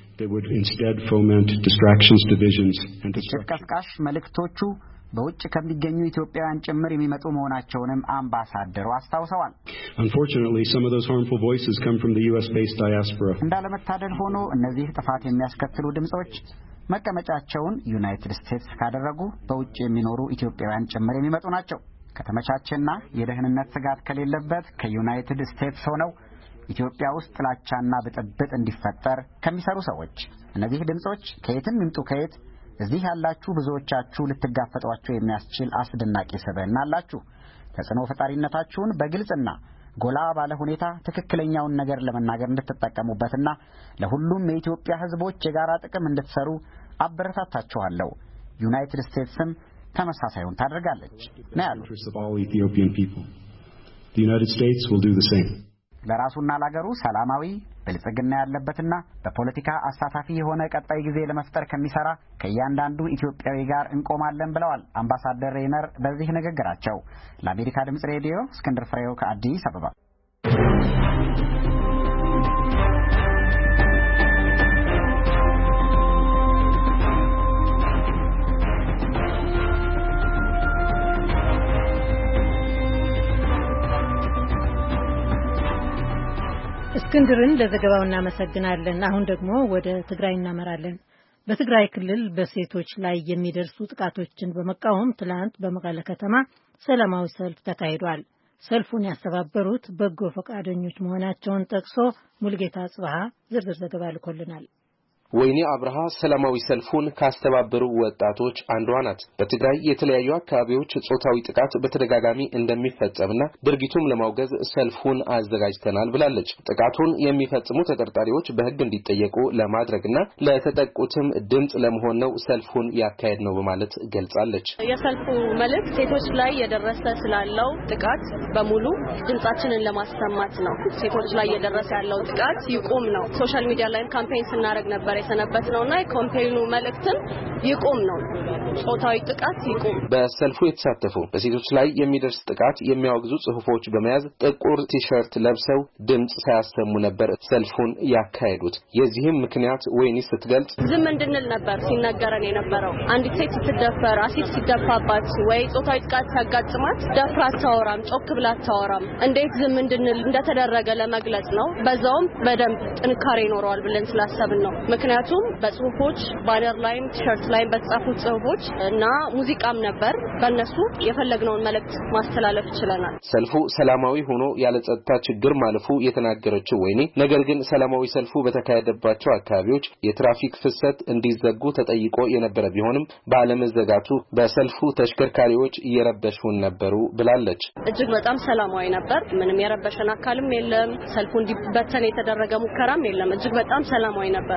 Speaker 14: ግጭት ቀስቃሽ መልእክቶቹ በውጭ ከሚገኙ ኢትዮጵያውያን ጭምር የሚመጡ መሆናቸውንም አምባሳደሩ አስታውሰዋል። እንዳለመታደል ሆኖ እነዚህ ጥፋት የሚያስከትሉ ድምፆች መቀመጫቸውን ዩናይትድ ስቴትስ ካደረጉ በውጭ የሚኖሩ ኢትዮጵያውያን ጭምር የሚመጡ ናቸው። ከተመቻቸና የደህንነት ስጋት ከሌለበት ከዩናይትድ ስቴትስ ሆነው ኢትዮጵያ ውስጥ ጥላቻና ብጥብጥ እንዲፈጠር ከሚሰሩ ሰዎች እነዚህ ድምፆች ከየትም ይምጡ ከየት እዚህ ያላችሁ ብዙዎቻችሁ ልትጋፈጧቸው የሚያስችል አስደናቂ ስብዕና አላችሁ። ተጽዕኖ ፈጣሪነታችሁን በግልጽና ጎላ ባለ ሁኔታ ትክክለኛውን ነገር ለመናገር እንድትጠቀሙበትና ለሁሉም የኢትዮጵያ ሕዝቦች የጋራ ጥቅም እንድትሰሩ አበረታታችኋለሁ። ዩናይትድ ስቴትስም ተመሳሳዩን ታደርጋለች ነው ያሉት። ለራሱና ለአገሩ ሰላማዊ ብልጽግና ያለበትና በፖለቲካ አሳታፊ የሆነ ቀጣይ ጊዜ ለመፍጠር ከሚሰራ ከእያንዳንዱ ኢትዮጵያዊ ጋር እንቆማለን ብለዋል አምባሳደር ሬነር በዚህ ንግግራቸው። ለአሜሪካ ድምጽ ሬዲዮ እስክንድር ፍሬው ከአዲስ አበባ
Speaker 3: እስክንድርን ለዘገባው እናመሰግናለን። አሁን ደግሞ ወደ ትግራይ እናመራለን። በትግራይ ክልል በሴቶች ላይ የሚደርሱ ጥቃቶችን በመቃወም ትላንት በመቀለ ከተማ ሰላማዊ ሰልፍ ተካሂዷል። ሰልፉን ያስተባበሩት በጎ ፈቃደኞች መሆናቸውን ጠቅሶ ሙልጌታ ጽብሃ ዝርዝር ዘገባ ልኮልናል።
Speaker 16: ወይኔ አብርሃ ሰላማዊ ሰልፉን ካስተባበሩ ወጣቶች አንዷ ናት። በትግራይ የተለያዩ አካባቢዎች ጾታዊ ጥቃት በተደጋጋሚ እንደሚፈጸምና ድርጊቱም ለማውገዝ ሰልፉን አዘጋጅተናል ብላለች። ጥቃቱን የሚፈጽሙ ተጠርጣሪዎች በሕግ እንዲጠየቁ ለማድረግና ለተጠቁትም ድምፅ ለመሆን ነው ሰልፉን ያካሄድ ነው በማለት ገልጻለች።
Speaker 9: የሰልፉ መልእክት ሴቶች ላይ የደረሰ ስላለው ጥቃት በሙሉ ድምጻችንን ለማሰማት ነው። ሴቶች ላይ የደረሰ ያለው ጥቃት ይቁም ነው። ሶሻል ሚዲያ ላይም ካምፔን ስናደርግ ነበር የሰነበት ነውና የኮምፔኑ መልእክትም ይቁም ነው። ጾታዊ ጥቃት ይቁም።
Speaker 16: በሰልፉ የተሳተፉ በሴቶች ላይ የሚደርስ ጥቃት የሚያወግዙ ጽሁፎች በመያዝ ጥቁር ቲሸርት ለብሰው ድምጽ ሳያሰሙ ነበር ሰልፉን ያካሄዱት። የዚህም ምክንያት ወይኒ ስትገልጽ
Speaker 9: ዝም እንድንል ነበር ሲነገረን የነበረው። አንዲት ሴት ስትደፈር፣ አሲድ ሲደፋባት ወይ ጾታዊ ጥቃት ሲያጋጥማት ደፍራ አታወራም፣ ጮክ ብላ አታወራም። እንዴት ዝም እንድንል እንደተደረገ ለመግለጽ ነው። በዛውም በደንብ ጥንካሬ ይኖረዋል ብለን ስላሰብን ነው። ምክንያቱም በጽሁፎች ባነር ላይም ቲሸርት ላይም በተጻፉት ጽሁፎች እና ሙዚቃም ነበር። በእነሱ የፈለግነውን መልእክት ማስተላለፍ ችለናል።
Speaker 16: ሰልፉ ሰላማዊ ሆኖ ያለ ጸጥታ ችግር ማለፉ የተናገረችው ወይኔ፣ ነገር ግን ሰላማዊ ሰልፉ በተካሄደባቸው አካባቢዎች የትራፊክ ፍሰት እንዲዘጉ ተጠይቆ የነበረ ቢሆንም ባለመዘጋቱ በሰልፉ ተሽከርካሪዎች እየረበሹን ነበሩ ብላለች።
Speaker 9: እጅግ በጣም ሰላማዊ ነበር። ምንም የረበሸን አካልም የለም። ሰልፉ እንዲበተን የተደረገ ሙከራም የለም። እጅግ በጣም ሰላማዊ ነበር።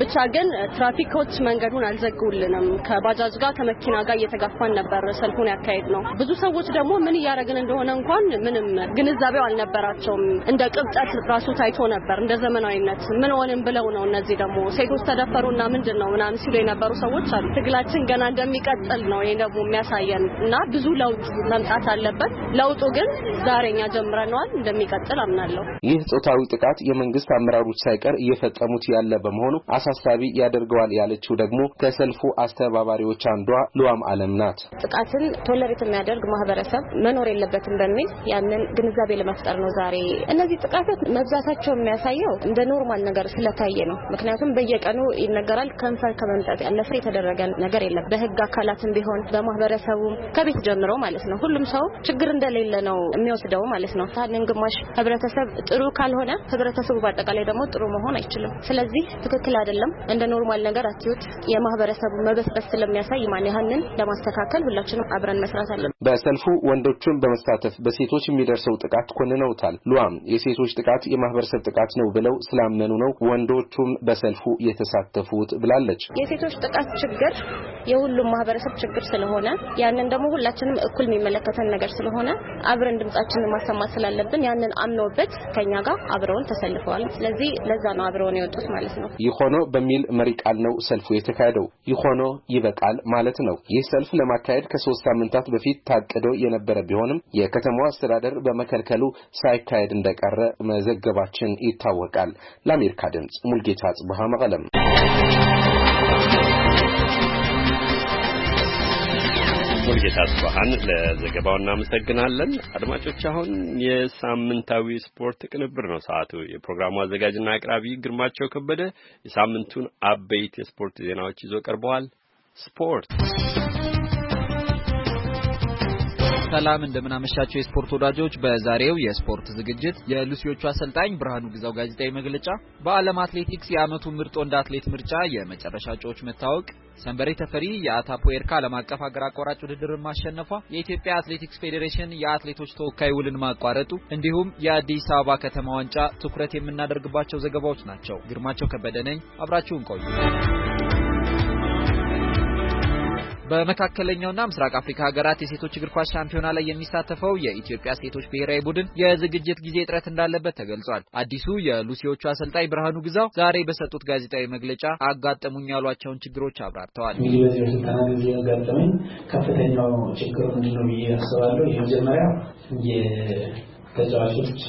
Speaker 9: ብቻ ግን ትራፊኮች መንገዱን አልዘጉልንም። ከባጃጅ ጋር ከመኪና ጋር እየተጋፋን ነበር ሰልፉን ያካሄድ ነው። ብዙ ሰዎች ደግሞ ምን እያደረግን እንደሆነ እንኳን ምንም ግንዛቤው አልነበራቸውም። እንደ ቅብጠት ራሱ ታይቶ ነበር፣ እንደ ዘመናዊነት ምን ሆንም ብለው ነው። እነዚህ ደግሞ ሴቶች ተደፈሩና ምንድን ነው ምናምን ሲሉ የነበሩ ሰዎች አሉ። ትግላችን ገና እንደሚቀጥል ነው ይሄ ደግሞ የሚያሳየን እና ብዙ ለውጥ መምጣት አለበት። ለውጡ ግን ዛሬ እኛ ጀምረነዋል፣ እንደሚቀጥል አምናለሁ።
Speaker 16: ይህ ጾታዊ ጥቃት የመንግስት አመራሮች ሳይቀር እየፈጸሙት ያለ በመሆኑ አሳሳቢ ያደርገዋል ያለችው ደግሞ ከሰልፉ አስተባባሪዎች አንዷ ሉዋም አለም ናት።
Speaker 17: ጥቃትን ቶለሬት የሚያደርግ ማህበረሰብ መኖር የለበትም በሚል ያንን ግንዛቤ ለመፍጠር ነው። ዛሬ እነዚህ ጥቃቶች መብዛታቸው የሚያሳየው እንደ ኖርማል ነገር ስለታየ ነው። ምክንያቱም በየቀኑ ይነገራል። ከንፈር ከመምጠጥ ያለፈ የተደረገ ነገር የለም። በህግ አካላትም ቢሆን በማህበረሰቡም ከቤት ጀምሮ ማለት ነው። ሁሉም ሰው ችግር እንደሌለ ነው የሚወስደው ማለት ነው። ታንን ግማሽ ህብረተሰብ ጥሩ ካልሆነ ህብረተሰቡ በአጠቃላይ ደግሞ ጥሩ መሆን አይችልም። ስለዚህ ትክክል አይደለም፣ እንደ ኖርማል ነገር አትዩት። የማህበረሰቡ መበስበስ ስለሚያሳይ ማን ያህንን ለማስተካከል ሁላችንም አብረን መስራት
Speaker 16: አለን። በሰልፉ ወንዶቹን በመሳተፍ በሴቶች የሚደርሰው ጥቃት ኮንነውታል። ሉዋም የሴቶች ጥቃት የማህበረሰብ ጥቃት ነው ብለው ስላመኑ ነው ወንዶቹም በሰልፉ የተሳተፉት ብላለች።
Speaker 17: የሴቶች ጥቃት ችግር የሁሉም ማህበረሰብ ችግር ስለሆነ ያንን ደግሞ ሁላችንም እኩል የሚመለከተን ነገር ስለሆነ አብረን ድምጻችንን ማሰማት ስላለብን ያንን አምነውበት ከኛ ጋር አብረውን ተሰልፈዋል። ስለዚህ ለዛ ነው አብረውን የወጡት ማለት ነው።
Speaker 16: ይሆኖ በሚል መሪ ቃል ነው ሰልፉ የተካሄደው። ይሆኖ ይበቃል ማለት ነው። ይህ ሰልፍ ለማካሄድ ከሶስት ሳምንታት በፊት ታቅዶ የነበረ ቢሆንም የከተማው አስተዳደር በመከልከሉ ሳይካሄድ እንደቀረ መዘገባችን ይታወቃል። ለአሜሪካ ድምፅ ሙልጌታ ጽብሃ መቀለም
Speaker 1: ሙልጌታ አጽባሃን ለዘገባው እናመሰግናለን። አድማጮች፣ አሁን የሳምንታዊ ስፖርት ቅንብር ነው ሰዓቱ። የፕሮግራሙ አዘጋጅና አቅራቢ ግርማቸው ከበደ የሳምንቱን አበይት የስፖርት
Speaker 18: ዜናዎች ይዞ ቀርበዋል። ስፖርት ሰላም እንደምናመሻቸው የስፖርት ወዳጆች፣ በዛሬው የስፖርት ዝግጅት የሉሲዎቹ አሰልጣኝ ብርሃኑ ግዛው ጋዜጣዊ መግለጫ፣ በዓለም አትሌቲክስ የዓመቱ ምርጥ ወንድ አትሌት ምርጫ የመጨረሻ እጩዎች መታወቅ፣ ሰንበሬ ተፈሪ የአታፖ ኤርካ ዓለም አቀፍ ሀገር አቋራጭ ውድድርን ማሸነፏ፣ የኢትዮጵያ አትሌቲክስ ፌዴሬሽን የአትሌቶች ተወካይ ውልን ማቋረጡ፣ እንዲሁም የአዲስ አበባ ከተማ ዋንጫ ትኩረት የምናደርግባቸው ዘገባዎች ናቸው። ግርማቸው ከበደ ነኝ። አብራችሁን ቆዩ። በመካከለኛውና ምስራቅ አፍሪካ ሀገራት የሴቶች እግር ኳስ ሻምፒዮና ላይ የሚሳተፈው የኢትዮጵያ ሴቶች ብሔራዊ ቡድን የዝግጅት ጊዜ እጥረት እንዳለበት ተገልጿል። አዲሱ የሉሲዎቹ አሰልጣኝ ብርሃኑ ግዛው ዛሬ በሰጡት ጋዜጣዊ መግለጫ አጋጠሙኝ ያሏቸውን ችግሮች አብራርተዋል። እንግዲህ በዚህ በስልጠና
Speaker 19: ጊዜ ያጋጠመኝ ከፍተኛው
Speaker 18: ችግር ምንድነው ብዬ አስባለሁ። የመጀመሪያ
Speaker 13: የተጫዋቾች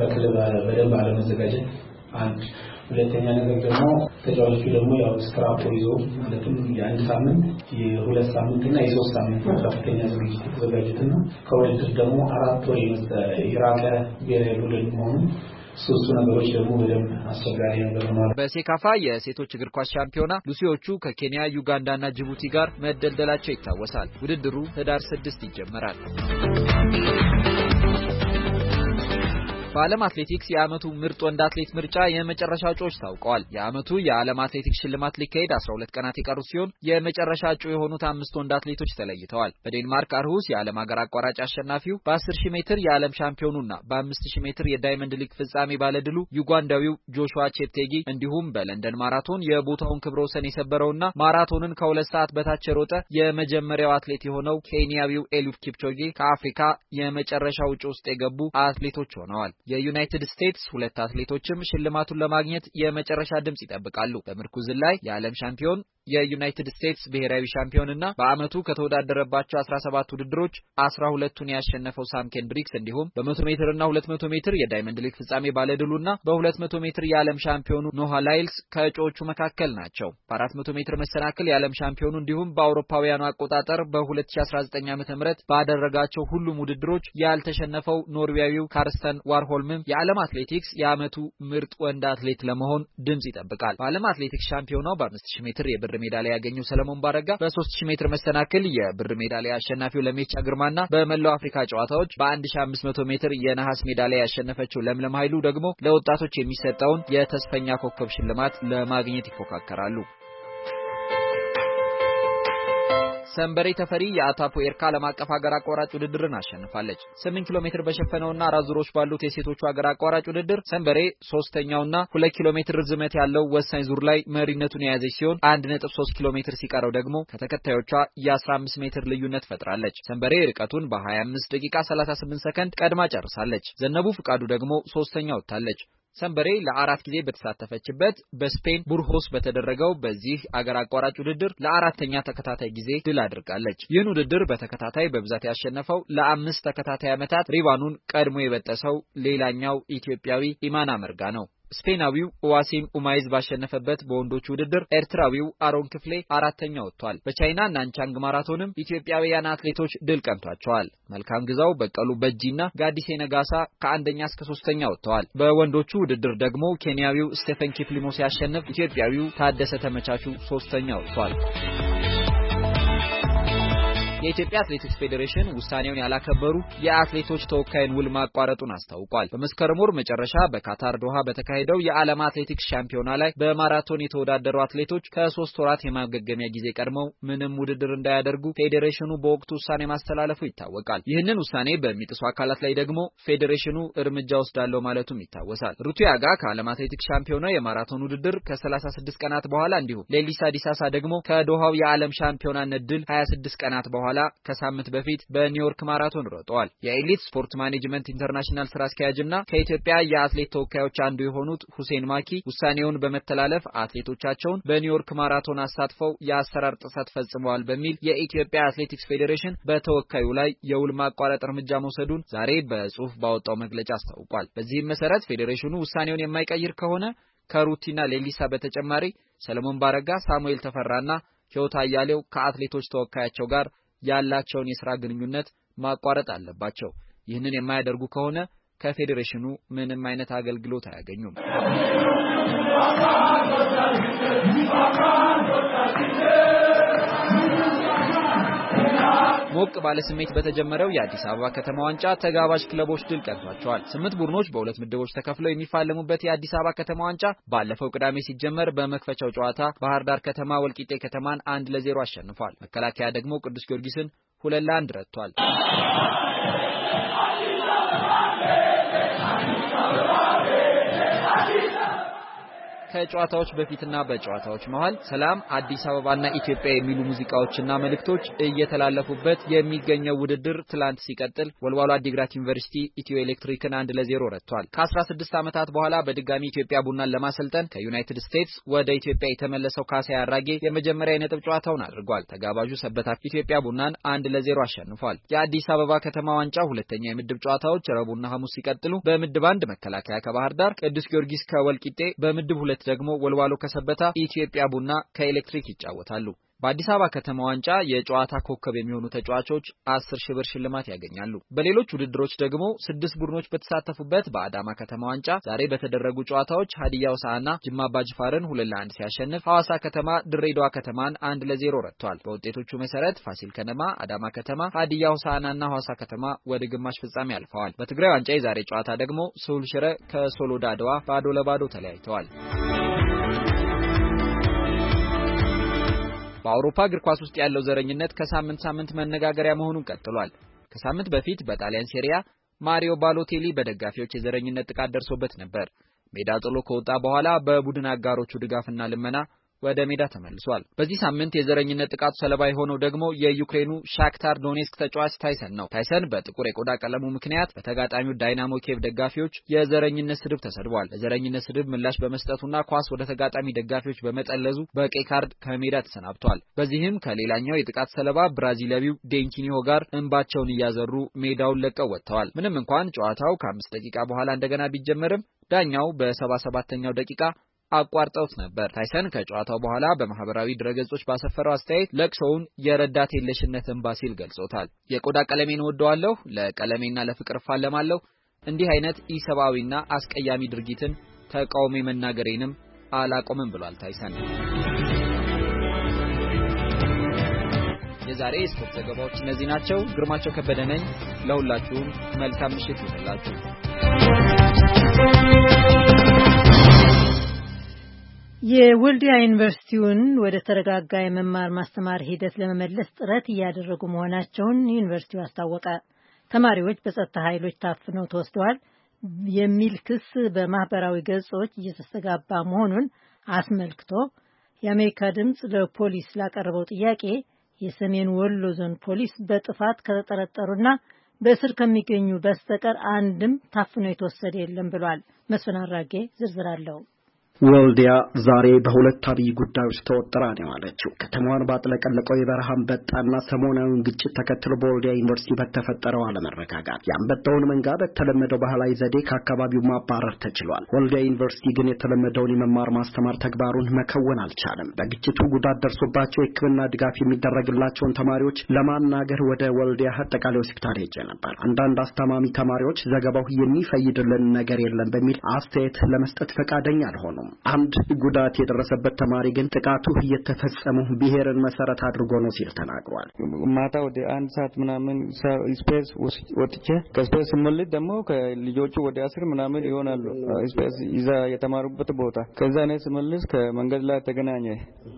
Speaker 13: በክለብ በደንብ አለመዘጋጀት አንድ ሁለተኛ ነገር ደግሞ ተጫዋቾቹ ደግሞ ያው ስክራፕ ይዞ ማለትም የአንድ ሳምንት የሁለት ሳምንት እና የሶስት ሳምንት ከፍተኛ ዝግጅት የተዘጋጅት እና ከውድድር ደግሞ አራት ወር የራቀ ቡድን መሆኑ ሶስቱ ነገሮች ደግሞ በደንብ አስቸጋሪ ነገር ማለት።
Speaker 18: በሴካፋ የሴቶች እግር ኳስ ሻምፒዮና ሉሲዎቹ ከኬንያ ዩጋንዳና ጅቡቲ ጋር መደልደላቸው ይታወሳል። ውድድሩ ህዳር ስድስት ይጀመራል። በዓለም አትሌቲክስ የዓመቱ ምርጥ ወንድ አትሌት ምርጫ የመጨረሻ እጩዎች ታውቀዋል። የዓመቱ የዓለም አትሌቲክስ ሽልማት ሊካሄድ 12 ቀናት የቀሩት ሲሆን የመጨረሻ እጩ የሆኑት አምስት ወንድ አትሌቶች ተለይተዋል። በዴንማርክ አርሁስ የዓለም ሀገር አቋራጭ አሸናፊው በ በ10000 ሺህ ሜትር የዓለም ሻምፒዮኑና በ 5000 ሜትር የዳይመንድ ሊግ ፍጻሜ ባለድሉ ዩጋንዳዊው ጆሹዋ ቼፕቴጊ እንዲሁም በለንደን ማራቶን የቦታውን ክብረ ወሰን የሰበረውና ማራቶንን ከሁለት ሰዓት በታች የሮጠ የመጀመሪያው አትሌት የሆነው ኬንያዊው ኤሉድ ኪፕቾጌ ከአፍሪካ የመጨረሻው እጩ ውስጥ የገቡ አትሌቶች ሆነዋል። የዩናይትድ ስቴትስ ሁለት አትሌቶችም ሽልማቱን ለማግኘት የመጨረሻ ድምፅ ይጠብቃሉ። በምርኩዝ ላይ የዓለም ሻምፒዮን የዩናይትድ ስቴትስ ብሔራዊ ሻምፒዮንና በዓመቱ ከተወዳደረባቸው 17 ውድድሮች 12ቱን ያሸነፈው ሳም ኬንድሪክስ እንዲሁም በ100 ሜትርና 200 ሜትር የዳይመንድ ሊግ ፍጻሜ ባለድሉና በ200 ሜትር የዓለም ሻምፒዮኑ ኖሃ ላይልስ ከእጩዎቹ መካከል ናቸው። በ400 ሜትር መሰናክል የዓለም ሻምፒዮኑ እንዲሁም በአውሮፓውያኑ አቆጣጠር በ2019 ዓ ም ባደረጋቸው ሁሉም ውድድሮች ያልተሸነፈው ኖርዌያዊው ካርስተን ዋርሆልምም የዓለም አትሌቲክስ የዓመቱ ምርጥ ወንድ አትሌት ለመሆን ድምፅ ይጠብቃል። በዓለም አትሌቲክስ ሻምፒዮናው በ5000 ሜትር የብር የብር ሜዳሊያ ያገኘው ሰለሞን ባረጋ በ3000 ሜትር መሰናክል የብር ሜዳሊያ አሸናፊው ለሜቻ ግርማና በመላው አፍሪካ ጨዋታዎች በ1500 ሜትር የነሐስ ሜዳሊያ ያሸነፈችው ለምለም ኃይሉ ደግሞ ለወጣቶች የሚሰጠውን የተስፈኛ ኮከብ ሽልማት ለማግኘት ይፎካከራሉ። ሰንበሬ ተፈሪ የአታፖ ኤርካ ዓለም አቀፍ ሀገር አቋራጭ ውድድርን አሸንፋለች። 8 ኪሎ ሜትር በሸፈነውና አራት ዙሮች ባሉት የሴቶቹ ሀገር አቋራጭ ውድድር ሰንበሬ ሶስተኛውና 2 ኪሎ ሜትር ርዝመት ያለው ወሳኝ ዙር ላይ መሪነቱን የያዘች ሲሆን 1.3 ኪሎ ሜትር ሲቀረው ደግሞ ከተከታዮቿ የ15 ሜትር ልዩነት ፈጥራለች። ሰንበሬ ርቀቱን በ25 ደቂቃ 38 ሰከንድ ቀድማ ጨርሳለች። ዘነቡ ፍቃዱ ደግሞ ሶስተኛ ወጥታለች። ሰንበሬ ለአራት ጊዜ በተሳተፈችበት በስፔን ቡርሆስ በተደረገው በዚህ አገር አቋራጭ ውድድር ለአራተኛ ተከታታይ ጊዜ ድል አድርጋለች። ይህን ውድድር በተከታታይ በብዛት ያሸነፈው ለአምስት ተከታታይ ዓመታት ሪባኑን ቀድሞ የበጠሰው ሌላኛው ኢትዮጵያዊ ኢማና መርጋ ነው። ስፔናዊው ዋሲም ኡማይዝ ባሸነፈበት በወንዶች ውድድር ኤርትራዊው አሮን ክፍሌ አራተኛ ወጥቷል። በቻይና ናንቻንግ ማራቶንም ኢትዮጵያውያን አትሌቶች ድል ቀንቷቸዋል። መልካም ግዛው፣ በቀሉ በጂና ጋዲሴ ነጋሳ ከአንደኛ እስከ ሶስተኛ ወጥተዋል። በወንዶቹ ውድድር ደግሞ ኬንያዊው ስቴፈን ኪፕሊሞ ሲያሸንፍ ኢትዮጵያዊው ታደሰ ተመቻቹ ሶስተኛ ወጥቷል። የኢትዮጵያ አትሌቲክስ ፌዴሬሽን ውሳኔውን ያላከበሩ የአትሌቶች ተወካይን ውል ማቋረጡን አስታውቋል። በመስከረም ወር መጨረሻ በካታር ዶሃ በተካሄደው የዓለም አትሌቲክስ ሻምፒዮና ላይ በማራቶን የተወዳደሩ አትሌቶች ከሶስት ወራት የማገገሚያ ጊዜ ቀድመው ምንም ውድድር እንዳያደርጉ ፌዴሬሽኑ በወቅቱ ውሳኔ ማስተላለፉ ይታወቃል። ይህንን ውሳኔ በሚጥሱ አካላት ላይ ደግሞ ፌዴሬሽኑ እርምጃ ወስዳለው ማለቱም ይታወሳል። ያጋ ከዓለም አትሌቲክስ ሻምፒዮና የማራቶን ውድድር ከ36 ቀናት በኋላ እንዲሁም ሌሊሳ ዲሳሳ ደግሞ ከዶሃው የዓለም ሻምፒዮናነት ድል 26 ቀናት በኋላ በኋላ ከሳምንት በፊት በኒውዮርክ ማራቶን ሮጠዋል። የኤሊት ስፖርት ማኔጅመንት ኢንተርናሽናል ስራ አስኪያጅና ከኢትዮጵያ የአትሌት ተወካዮች አንዱ የሆኑት ሁሴን ማኪ ውሳኔውን በመተላለፍ አትሌቶቻቸውን በኒውዮርክ ማራቶን አሳትፈው የአሰራር ጥሰት ፈጽመዋል በሚል የኢትዮጵያ አትሌቲክስ ፌዴሬሽን በተወካዩ ላይ የውል ማቋረጥ እርምጃ መውሰዱን ዛሬ በጽሁፍ ባወጣው መግለጫ አስታውቋል። በዚህም መሰረት ፌዴሬሽኑ ውሳኔውን የማይቀይር ከሆነ ከሩቲና ሌሊሳ በተጨማሪ ሰለሞን ባረጋ፣ ሳሙኤል ተፈራና ሕይወት አያሌው ከአትሌቶች ተወካያቸው ጋር ያላቸውን የሥራ ግንኙነት ማቋረጥ አለባቸው። ይህንን የማያደርጉ ከሆነ ከፌዴሬሽኑ ምንም አይነት አገልግሎት አያገኙም። ሞቅ ባለ ስሜት በተጀመረው የአዲስ አበባ ከተማ ዋንጫ ተጋባዥ ክለቦች ድል ቀንቷቸዋል። ስምንት ቡድኖች በሁለት ምድቦች ተከፍለው የሚፋለሙበት የአዲስ አበባ ከተማ ዋንጫ ባለፈው ቅዳሜ ሲጀመር በመክፈቻው ጨዋታ ባህር ዳር ከተማ ወልቂጤ ከተማን አንድ ለዜሮ አሸንፏል። መከላከያ ደግሞ ቅዱስ ጊዮርጊስን ሁለት ለአንድ ረቷል። ከጨዋታዎች በፊትና በጨዋታዎች መሃል ሰላም፣ አዲስ አበባና ኢትዮጵያ የሚሉ ሙዚቃዎችና መልእክቶች እየተላለፉበት የሚገኘው ውድድር ትላንት ሲቀጥል ወልዋሎ አዲግራት ዩኒቨርሲቲ ኢትዮ ኤሌክትሪክን አንድ ለዜሮ ረጥቷል ከ ከ16 ዓመታት በኋላ በድጋሚ ኢትዮጵያ ቡናን ለማሰልጠን ከዩናይትድ ስቴትስ ወደ ኢትዮጵያ የተመለሰው ካሳይ አራጌ የመጀመሪያ የነጥብ ጨዋታውን አድርጓል። ተጋባዡ ሰበታ ኢትዮጵያ ቡናን አንድ ለዜሮ አሸንፏል። የአዲስ አበባ ከተማ ዋንጫ ሁለተኛ የምድብ ጨዋታዎች ረቡና ሐሙስ ሲቀጥሉ በምድብ አንድ መከላከያ ከባህር ዳር፣ ቅዱስ ጊዮርጊስ ከወልቂጤ በምድብ ሁለት ደግሞ ወልዋሎ ከሰበታ፣ ኢትዮጵያ ቡና ከኤሌክትሪክ ይጫወታሉ። በአዲስ አበባ ከተማ ዋንጫ የጨዋታ ኮከብ የሚሆኑ ተጫዋቾች አስር ሺህ ብር ሽልማት ያገኛሉ። በሌሎች ውድድሮች ደግሞ ስድስት ቡድኖች በተሳተፉበት በአዳማ ከተማ ዋንጫ ዛሬ በተደረጉ ጨዋታዎች ሀዲያ ሆሳዕና ጅማ አባጅፋርን ሁለት ለአንድ ሲያሸንፍ ሐዋሳ ከተማ ድሬዳዋ ከተማን አንድ ለዜሮ ረትቷል። በውጤቶቹ መሰረት ፋሲል ከነማ፣ አዳማ ከተማ፣ ሀዲያ ሆሳዕናና ሐዋሳ ከተማ ወደ ግማሽ ፍጻሜ አልፈዋል። በትግራይ ዋንጫ የዛሬ ጨዋታ ደግሞ ስሁል ሽረ ከሶሎዳ አድዋ ባዶ ለባዶ ተለያይተዋል። በአውሮፓ እግር ኳስ ውስጥ ያለው ዘረኝነት ከሳምንት ሳምንት መነጋገሪያ መሆኑን ቀጥሏል። ከሳምንት በፊት በጣሊያን ሴሪያ ማሪዮ ባሎቴሊ በደጋፊዎች የዘረኝነት ጥቃት ደርሶበት ነበር። ሜዳ ጥሎ ከወጣ በኋላ በቡድን አጋሮቹ ድጋፍና ልመና ወደ ሜዳ ተመልሷል። በዚህ ሳምንት የዘረኝነት ጥቃቱ ሰለባ የሆነው ደግሞ የዩክሬኑ ሻክታር ዶኔስክ ተጫዋች ታይሰን ነው። ታይሰን በጥቁር የቆዳ ቀለሙ ምክንያት በተጋጣሚው ዳይናሞ ኬቭ ደጋፊዎች የዘረኝነት ስድብ ተሰድቧል። ለዘረኝነት ስድብ ምላሽ በመስጠቱና ኳስ ወደ ተጋጣሚ ደጋፊዎች በመጠለዙ በቀይ ካርድ ከሜዳ ተሰናብቷል። በዚህም ከሌላኛው የጥቃት ሰለባ ብራዚላዊው ዴንኪኒሆ ጋር እንባቸውን እያዘሩ ሜዳውን ለቀው ወጥተዋል። ምንም እንኳን ጨዋታው ከአምስት ደቂቃ በኋላ እንደገና ቢጀመርም ዳኛው በሰባ ሰባተኛው ደቂቃ አቋርጠውት ነበር። ታይሰን ከጨዋታው በኋላ በማህበራዊ ድረገጾች ባሰፈረው አስተያየት ለቅሶውን የረዳት የለሽነት እንባ ሲል ገልጾታል። የቆዳ ቀለሜን ወደዋለሁ፣ ለቀለሜና ለፍቅር እፋለማለሁ። እንዲህ አይነት ኢሰብአዊና አስቀያሚ ድርጊትን ተቃውሞ መናገሬንም አላቆምም ብሏል ታይሰን። የዛሬ የስፖርት ዘገባዎች እነዚህ ናቸው። ግርማቸው ከበደ ነኝ። ለሁላችሁም መልካም ምሽት ይሁንላችሁ።
Speaker 3: የወልዲያ ዩኒቨርሲቲውን ወደ ተረጋጋ የመማር ማስተማር ሂደት ለመመለስ ጥረት እያደረጉ መሆናቸውን ዩኒቨርሲቲው አስታወቀ። ተማሪዎች በጸጥታ ኃይሎች ታፍነው ተወስደዋል የሚል ክስ በማህበራዊ ገጾች እየተስተጋባ መሆኑን አስመልክቶ የአሜሪካ ድምፅ ለፖሊስ ላቀረበው ጥያቄ የሰሜን ወሎ ዞን ፖሊስ በጥፋት ከተጠረጠሩና በእስር ከሚገኙ በስተቀር አንድም ታፍኖ የተወሰደ የለም ብሏል። መስፍን አራጌ ዝርዝር አለው።
Speaker 19: ወልዲያ ዛሬ በሁለት አብይ ጉዳዮች ተወጥራ ነው ያለችው። ከተማዋን ባጥለቀለቀው የበረሃ አንበጣና ሰሞናዊውን ግጭት ተከትሎ በወልዲያ ዩኒቨርሲቲ በተፈጠረው አለመረጋጋት የአንበጣውን መንጋ በተለመደው ባህላዊ ዘዴ ከአካባቢው ማባረር ተችሏል። ወልዲያ ዩኒቨርሲቲ ግን የተለመደውን የመማር ማስተማር ተግባሩን መከወን አልቻለም። በግጭቱ ጉዳት ደርሶባቸው የሕክምና ድጋፍ የሚደረግላቸውን ተማሪዎች ለማናገር ወደ ወልዲያ አጠቃላይ ሆስፒታል ሄጄ ነበር። አንዳንድ አስተማሚ ተማሪዎች ዘገባው የሚፈይድልን ነገር የለም በሚል አስተያየት ለመስጠት ፈቃደኛ አልሆኑ አንድ ጉዳት የደረሰበት ተማሪ ግን ጥቃቱ እየተፈጸመው
Speaker 5: ብሔርን መሰረት አድርጎ ነው ሲል ተናግሯል። ማታ ወደ አንድ ሰዓት ምናምን ስፔስ ወጥቼ ከስፔስ ስመልስ ደግሞ ከልጆቹ ወደ አስር ምናምን ይሆናሉ ስፔስ ይዛ የተማሩበት ቦታ። ከዛ እኔ ስመልስ ከመንገድ ላይ ተገናኘ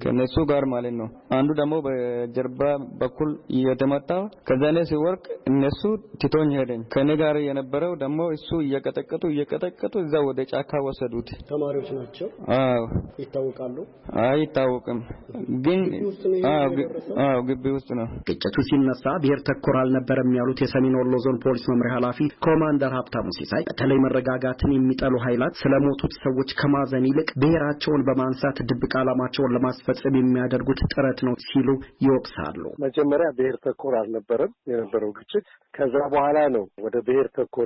Speaker 5: ከነሱ ጋር ማለት ነው። አንዱ ደግሞ በጀርባ በኩል የተመጣው ከዛ እኔ ሲወርቅ እነሱ ትቶኝ ሄደኝ። ከእኔ ጋር የነበረው ደግሞ እሱ እየቀጠቀጡ እየቀጠቀጡ እዛ ወደ ጫካ ወሰዱት። ተማሪዎች ናቸው ናቸው? አዎ ይታወቃሉ? አይታወቅም፣
Speaker 19: ግን አዎ ግቢ ውስጥ ነው። ግጭቱ ሲነሳ ብሔር ተኮር አልነበረም ያሉት የሰሜን ወሎ ዞን ፖሊስ መምሪያ ኃላፊ ኮማንደር ሀብታሙ ሲሳይ በተለይ መረጋጋትን የሚጠሉ ኃይላት ስለሞቱት ሰዎች ከማዘን ይልቅ ብሔራቸውን በማንሳት ድብቅ ዓላማቸውን ለማስፈጸም የሚያደርጉት ጥረት ነው ሲሉ ይወቅሳሉ።
Speaker 20: መጀመሪያ ብሔር ተኮር አልነበረም የነበረው ግጭት። ከዛ በኋላ ነው ወደ ብሔር ተኮር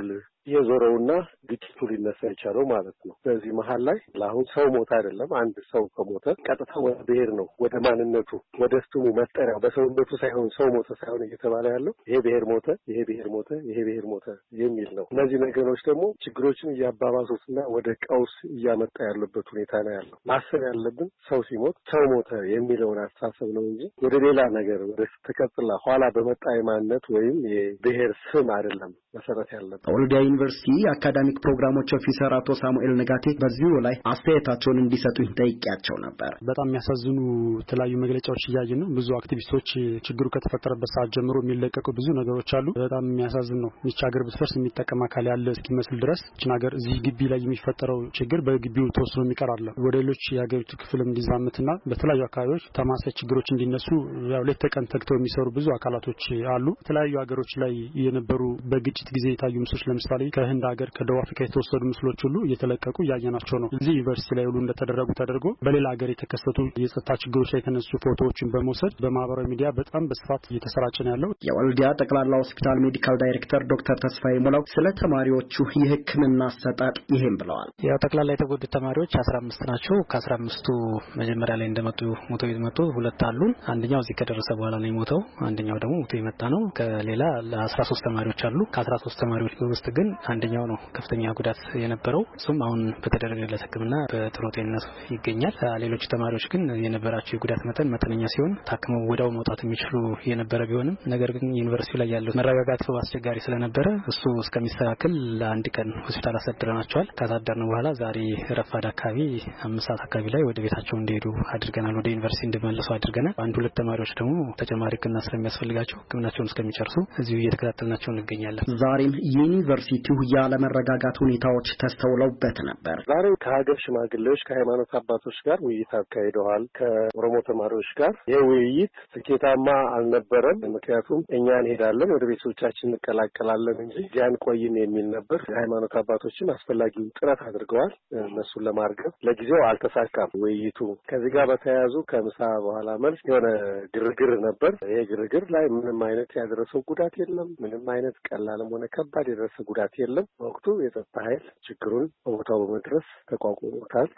Speaker 20: የዞረውና ግጭቱ ሊነሳ የቻለው ማለት ነው። በዚህ መሀል ላይ ለአሁን ሰው ሞተ አይደለም። አንድ ሰው ከሞተ ቀጥታ ወደ ብሔር ነው ወደ ማንነቱ ወደ ስሙ መጠሪያው በሰውነቱ ሳይሆን ሰው ሞተ ሳይሆን እየተባለ ያለው ይሄ ብሔር ሞተ፣ ይሄ ብሔር ሞተ፣ ይሄ ብሔር ሞተ የሚል ነው። እነዚህ ነገሮች ደግሞ ችግሮችን እያባባሱትና ወደ ቀውስ እያመጣ ያለበት ሁኔታ ነው ያለው። ማሰብ ያለብን ሰው ሲሞት ሰው ሞተ የሚለውን አስተሳሰብ ነው እንጂ ወደ ሌላ ነገር ወደ ተቀጥላ ኋላ በመጣ የማንነት ወይም የብሔር ስም አይደለም መሰረት ያለበት
Speaker 19: የዩኒቨርሲቲ የአካዳሚክ ፕሮግራሞች ኦፊሰር አቶ ሳሙኤል ነጋቴ በዚሁ ላይ አስተያየታቸውን እንዲሰጡኝ ጠይቄያቸው ነበር።
Speaker 13: በጣም የሚያሳዝኑ የተለያዩ መግለጫዎች እያየ ነው። ብዙ አክቲቪስቶች ችግሩ ከተፈጠረበት ሰዓት ጀምሮ የሚለቀቁ ብዙ ነገሮች አሉ። በጣም የሚያሳዝን ነው። ይች ሀገር ብትፈርስ የሚጠቀም አካል ያለ እስኪመስል ድረስ ይችን ሀገር እዚህ ግቢ ላይ የሚፈጠረው ችግር በግቢው ተወስኖ የሚቀር አለ ወደ ሌሎች የሀገሪቱ ክፍል እንዲዛመትና በተለያዩ አካባቢዎች ተማሳይ ችግሮች እንዲነሱ ያው ሌት ተቀን ተግተው የሚሰሩ ብዙ አካላቶች አሉ። የተለያዩ ሀገሮች ላይ የነበሩ በግጭት ጊዜ የታዩ ምስሎች ለምሳሌ ለምሳሌ ከህንድ ሀገር ከደቡብ አፍሪካ የተወሰዱ ምስሎች ሁሉ እየተለቀቁ እያየናቸው ነው። እዚህ ዩኒቨርሲቲ ላይ ሁሉ እንደተደረጉ ተደርጎ በሌላ ሀገር የተከሰቱ የጸጥታ ችግሮች ላይ የተነሱ ፎቶዎችን በመውሰድ በማህበራዊ ሚዲያ በጣም በስፋት እየተሰራጨ ነው ያለው። የወልዲያ ጠቅላላ ሆስፒታል ሜዲካል ዳይሬክተር
Speaker 19: ዶክተር ተስፋዬ ሙላው ስለ ተማሪዎቹ የህክምና አሰጣጥ ይህም ብለዋል። ያው ጠቅላላ የተጎዱ ተማሪዎች አስራ አምስት ናቸው። ከአስራ አምስቱ መጀመሪያ ላይ እንደመጡ ሞቶ የመጡ ሁለት አሉ። አንደኛው እዚህ ከደረሰ በኋላ ነው የሞተው። አንደኛው ደግሞ ሞቶ የመጣ ነው። ከሌላ ለአስራ ሶስት ተማሪዎች አሉ። ከአስራ ሶስት ተማሪዎች ውስጥ ግን አንደኛው ነው ከፍተኛ ጉዳት የነበረው እሱም አሁን በተደረገለት ሕክምና በጥሩ ጤንነት ይገኛል። ሌሎች ተማሪዎች ግን የነበራቸው የጉዳት መጠን መጠነኛ ሲሆን ታክመው ወዳው መውጣት የሚችሉ የነበረ ቢሆንም ነገር ግን ዩኒቨርሲቲው ላይ ያለው መረጋጋት አስቸጋሪ ስለነበረ እሱ እስከሚስተካከል ለአንድ ቀን ሆስፒታል አሳድረናቸዋል። ካሳደርን በኋላ ዛሬ ረፋድ አካባቢ አምስት ሰዓት አካባቢ ላይ ወደ ቤታቸው እንዲሄዱ አድርገናል። ወደ ዩኒቨርሲቲ እንዲመለሱ አድርገናል። አንድ ሁለት ተማሪዎች ደግሞ ተጨማሪ ሕክምና ስለሚያስፈልጋቸው ሕክምናቸውን እስከሚጨርሱ እዚሁ እየተከታተልናቸው እንገኛለን። ዛሬም ዩኒቨርሲቲ በሀገሪቱ ያለመረጋጋት ሁኔታዎች ተስተውለውበት ነበር።
Speaker 20: ዛሬ ከሀገር ሽማግሌዎች፣ ከሃይማኖት አባቶች ጋር ውይይት አካሂደዋል። ከኦሮሞ ተማሪዎች ጋር ይህ ውይይት ስኬታማ አልነበረም። ምክንያቱም እኛ እንሄዳለን ወደ ቤተሰቦቻችን እንቀላቀላለን እንጂ እዚያ አንቆይም የሚል ነበር። የሃይማኖት አባቶችም አስፈላጊውን ጥረት አድርገዋል። እነሱን ለማርገብ ለጊዜው አልተሳካም ውይይቱ። ከዚህ ጋር በተያያዙ ከምሳ በኋላ መልስ የሆነ ግርግር ነበር። ይሄ ግርግር ላይ ምንም አይነት ያደረሰው ጉዳት የለም። ምንም አይነት ቀላልም ሆነ ከባድ የደረሰ ጉዳት ስጋት የለም። በወቅቱ የጸጥታ ኃይል ችግሩን በቦታው በመድረስ ተቋቁሞታል፣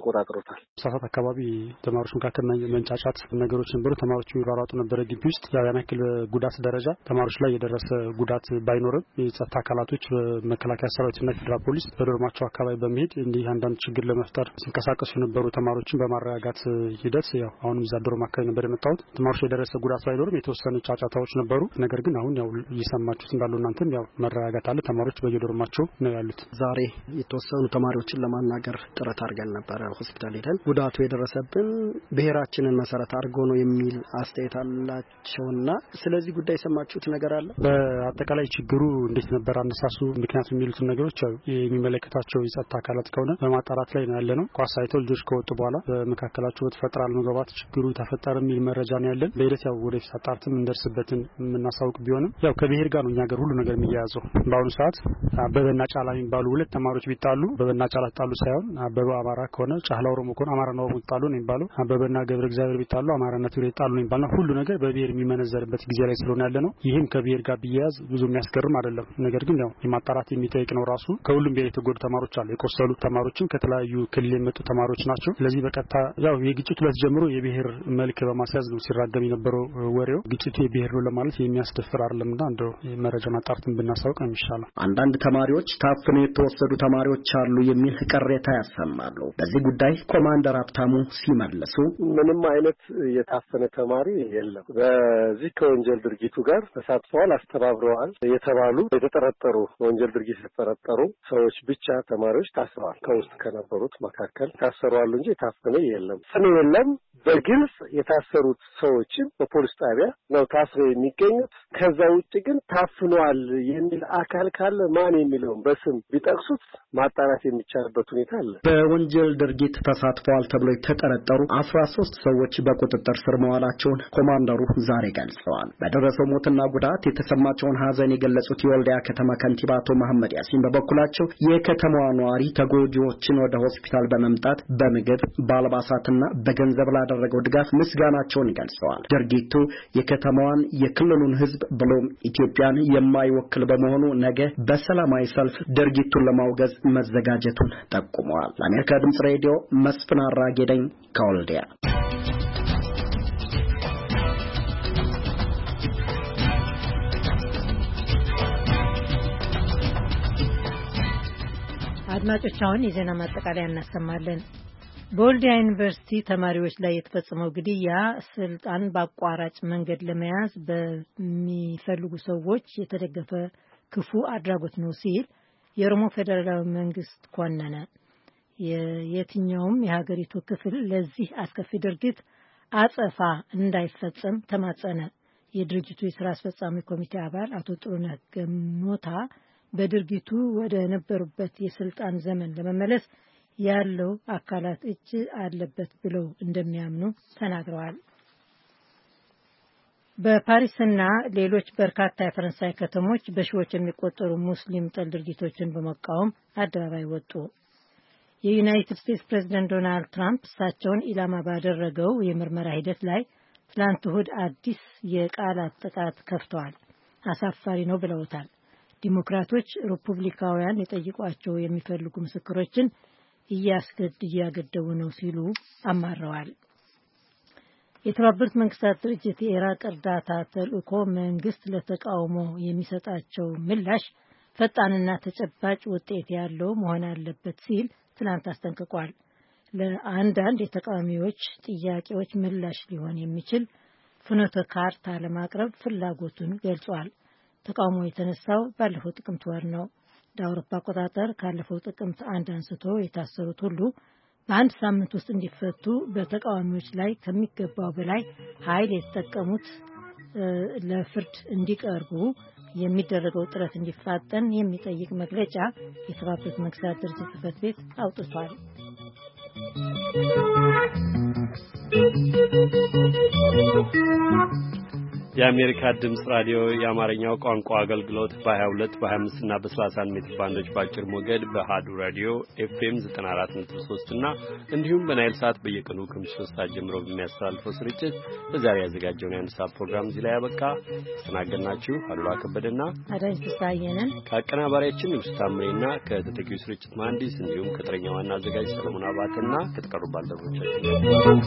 Speaker 20: ተቆጣጥሮታል።
Speaker 13: ሳሳት አካባቢ ተማሪዎች መካከል መንጫጫት ነገሮች ነበሩ። ተማሪዎች የሚሯሯጡ ነበረ ግቢ ውስጥ ያን ያክል ጉዳት ደረጃ ተማሪዎች ላይ የደረሰ ጉዳት ባይኖርም የጸጥታ አካላቶች በመከላከያ ሰራዊትና የፌዴራል ፖሊስ በዶርማቸው አካባቢ በመሄድ እንዲህ አንዳንድ ችግር ለመፍጠር ሲንቀሳቀሱ የነበሩ ተማሪዎችን በማረጋጋት ሂደት ያው አሁንም እዛ ዶርም አካባቢ ነበር የመጣሁት። ተማሪዎች የደረሰ ጉዳት ባይኖርም የተወሰኑ ጫጫታዎች ነበሩ። ነገር ግን አሁን ያው እየሰማችሁት እንዳሉ እናንተም ያው መረጋጋት አለ። ተማሪዎች ተማሪዎች በየዶርማቸው ነው ያሉት። ዛሬ የተወሰኑ ተማሪዎችን
Speaker 19: ለማናገር ጥረት አድርገን ነበረ። ሆስፒታል ሄደን ጉዳቱ የደረሰብን ብሔራችንን መሰረት አድርጎ ነው የሚል አስተያየት አላቸውና ስለዚህ ጉዳይ የሰማችሁት ነገር አለ?
Speaker 13: በአጠቃላይ ችግሩ እንዴት ነበር አነሳሱ፣ ምክንያቱ የሚሉትን ነገሮች ያው የሚመለከታቸው የጸጥታ አካላት ከሆነ በማጣራት ላይ ነው ያለ ነው። ኳስ አይተው ልጆች ከወጡ በኋላ በመካከላቸው በተፈጠረ አለመግባባት ችግሩ ተፈጠረ የሚል መረጃ ነው ያለን። በሂደት ያው ወደፊት አጣርተን እንደርስበትን የምናሳውቅ ቢሆንም ያው ከብሔር ጋር ነው እኛ ሀገር ሁሉ ነገር የሚያያዘው በአሁኑ ሰዓት አበበና ጫላ የሚባሉ ሁለት ተማሪዎች ቢጣሉ አበበና ጫላ ተጣሉ ሳይሆን አበበ አማራ ከሆነ ጫላ ኦሮሞ ከሆነ አማራና ኦሮሞ ተጣሉ ነው የሚባለው። አበበና ገብረ እግዚአብሔር ቢጣሉ አማራና ትግሬ ተጣሉ ነው የሚባለው። ሁሉ ነገር በብሔር የሚመነዘርበት ጊዜ ላይ ስለሆነ ያለ ነው። ይህም ከብሔር ጋር ቢያያዝ ብዙ የሚያስገርም አይደለም። ነገር ግን ያው የማጣራት የሚጠይቅ ነው። ራሱ ከሁሉም ብሔር የተጎዱ ተማሪዎች አሉ። የቆሰሉ ተማሪዎችም ከተለያዩ ክልል የመጡ ተማሪዎች ናቸው። ስለዚህ በቀጥታ ያው የግጭቱ ዕለት ጀምሮ የብሔር መልክ በማስያዝ ነው ሲራገም የነበረው ወሬው። ግጭቱ የብሔር ነው ለማለት የሚያስደፍር እና እንደው መረጃውን አጣርተን ብናሳውቅ ነው የሚሻለው።
Speaker 19: አንዳንድ ተማሪዎች ታፍነው የተወሰዱ ተማሪዎች አሉ የሚል ቅሬታ ያሰማሉ። በዚህ ጉዳይ ኮማንደር ሀብታሙ ሲመልሱ
Speaker 20: ምንም አይነት የታፈነ ተማሪ የለም። በዚህ ከወንጀል ድርጊቱ ጋር ተሳትፈዋል፣ አስተባብረዋል የተባሉ የተጠረጠሩ ወንጀል ድርጊት የተጠረጠሩ ሰዎች ብቻ ተማሪዎች ታስረዋል። ከውስጥ ከነበሩት መካከል ታሰረዋል እንጂ የታፈነ የለም። ስም የለም። በግልጽ የታሰሩት ሰዎችም በፖሊስ ጣቢያ ነው ታስረው የሚገኙት። ከዛ ውጭ ግን ታፍኗል የሚል አካል ካለ አለ ማን የሚለውን በስም ቢጠቅሱት ማጣራት የሚቻልበት ሁኔታ አለ።
Speaker 19: በወንጀል ድርጊት ተሳትፈዋል ተብሎ የተጠረጠሩ አስራ ሶስት ሰዎች በቁጥጥር ስር መዋላቸውን ኮማንደሩ ዛሬ ገልጸዋል። በደረሰው ሞትና ጉዳት የተሰማቸውን ሀዘን የገለጹት የወልዲያ ከተማ ከንቲባ አቶ መሐመድ ያሲን በበኩላቸው የከተማዋ ነዋሪ ተጎጂዎችን ወደ ሆስፒታል በመምጣት በምግብ በአልባሳትና በገንዘብ ላደረገው ድጋፍ ምስጋናቸውን ገልጸዋል። ድርጊቱ የከተማዋን የክልሉን ሕዝብ ብሎም ኢትዮጵያን የማይወክል በመሆኑ ነገ በሰላማዊ ሰልፍ ድርጊቱን ለማውገዝ መዘጋጀቱን ጠቁመዋል። ለአሜሪካ ድምጽ ሬዲዮ መስፍን አራጌ ነኝ ከወልዲያ።
Speaker 3: አድማጮች አሁን የዜና ማጠቃለያ እናሰማለን። በወልዲያ ዩኒቨርሲቲ ተማሪዎች ላይ የተፈጸመው ግድያ ስልጣን በአቋራጭ መንገድ ለመያዝ በሚፈልጉ ሰዎች የተደገፈ ክፉ አድራጎት ነው ሲል የኦሮሞ ፌዴራላዊ መንግስት ኮነነ። የየትኛውም የሀገሪቱ ክፍል ለዚህ አስከፊ ድርጊት አጸፋ እንዳይፈጸም ተማጸነ። የድርጅቱ የስራ አስፈጻሚ ኮሚቴ አባል አቶ ጥሩነህ ገሞታ በድርጊቱ ወደ ነበሩበት የስልጣን ዘመን ለመመለስ ያለው አካላት እጅ አለበት ብለው እንደሚያምኑ ተናግረዋል። በፓሪስና ሌሎች በርካታ የፈረንሳይ ከተሞች በሺዎች የሚቆጠሩ ሙስሊም ጠል ድርጊቶችን በመቃወም አደባባይ ወጡ። የዩናይትድ ስቴትስ ፕሬዚደንት ዶናልድ ትራምፕ እሳቸውን ኢላማ ባደረገው የምርመራ ሂደት ላይ ትላንት እሁድ አዲስ የቃላት ጥቃት ከፍተዋል። አሳፋሪ ነው ብለውታል። ዲሞክራቶች ሪፑብሊካውያን የጠይቋቸው የሚፈልጉ ምስክሮችን እያስገድ እያገደቡ ነው ሲሉ አማረዋል። የተባበሩት መንግስታት ድርጅት የኢራቅ እርዳታ ተልእኮ መንግስት ለተቃውሞ የሚሰጣቸው ምላሽ ፈጣንና ተጨባጭ ውጤት ያለው መሆን አለበት ሲል ትናንት አስጠንቅቋል። ለአንዳንድ የተቃዋሚዎች ጥያቄዎች ምላሽ ሊሆን የሚችል ፍኖተ ካርታ ለማቅረብ ፍላጎቱን ገልጿል። ተቃውሞ የተነሳው ባለፈው ጥቅምት ወር ነው። እንደ አውሮፓ አቆጣጠር ካለፈው ጥቅምት አንድ አንስቶ የታሰሩት ሁሉ በአንድ ሳምንት ውስጥ እንዲፈቱ በተቃዋሚዎች ላይ ከሚገባው በላይ ኃይል የተጠቀሙት ለፍርድ እንዲቀርቡ የሚደረገው ጥረት እንዲፋጠን የሚጠይቅ መግለጫ የተባበሩት መንግስታት ድርጅት ጽሕፈት ቤት አውጥቷል።
Speaker 6: Thank you.
Speaker 1: የአሜሪካ ድምፅ ራዲዮ የአማርኛው ቋንቋ አገልግሎት በ22 በ25 እና በ31 ሜትር ባንዶች በአጭር ሞገድ በሃዱ ራዲዮ ኤፍኤም 943 እና እንዲሁም በናይል ሰዓት በየቀኑ ከምሽቱ 3 ሰዓት ጀምሮ በሚያስተላልፈው ስርጭት በዛሬ ያዘጋጀውን የአንድ ሰዓት ፕሮግራም እዚህ ላይ ያበቃ። ያስተናገድናችሁ አሉላ ከበደና
Speaker 3: አዳኝ ፍስሀየንን
Speaker 1: ከአቀናባሪያችን ንጉሥ ታምሬና ከተተኪው ስርጭት መሐንዲስ እንዲሁም ከጥረኛ ዋና አዘጋጅ ሰለሞን አባትና ከተቀሩ ባልደረቦቻችን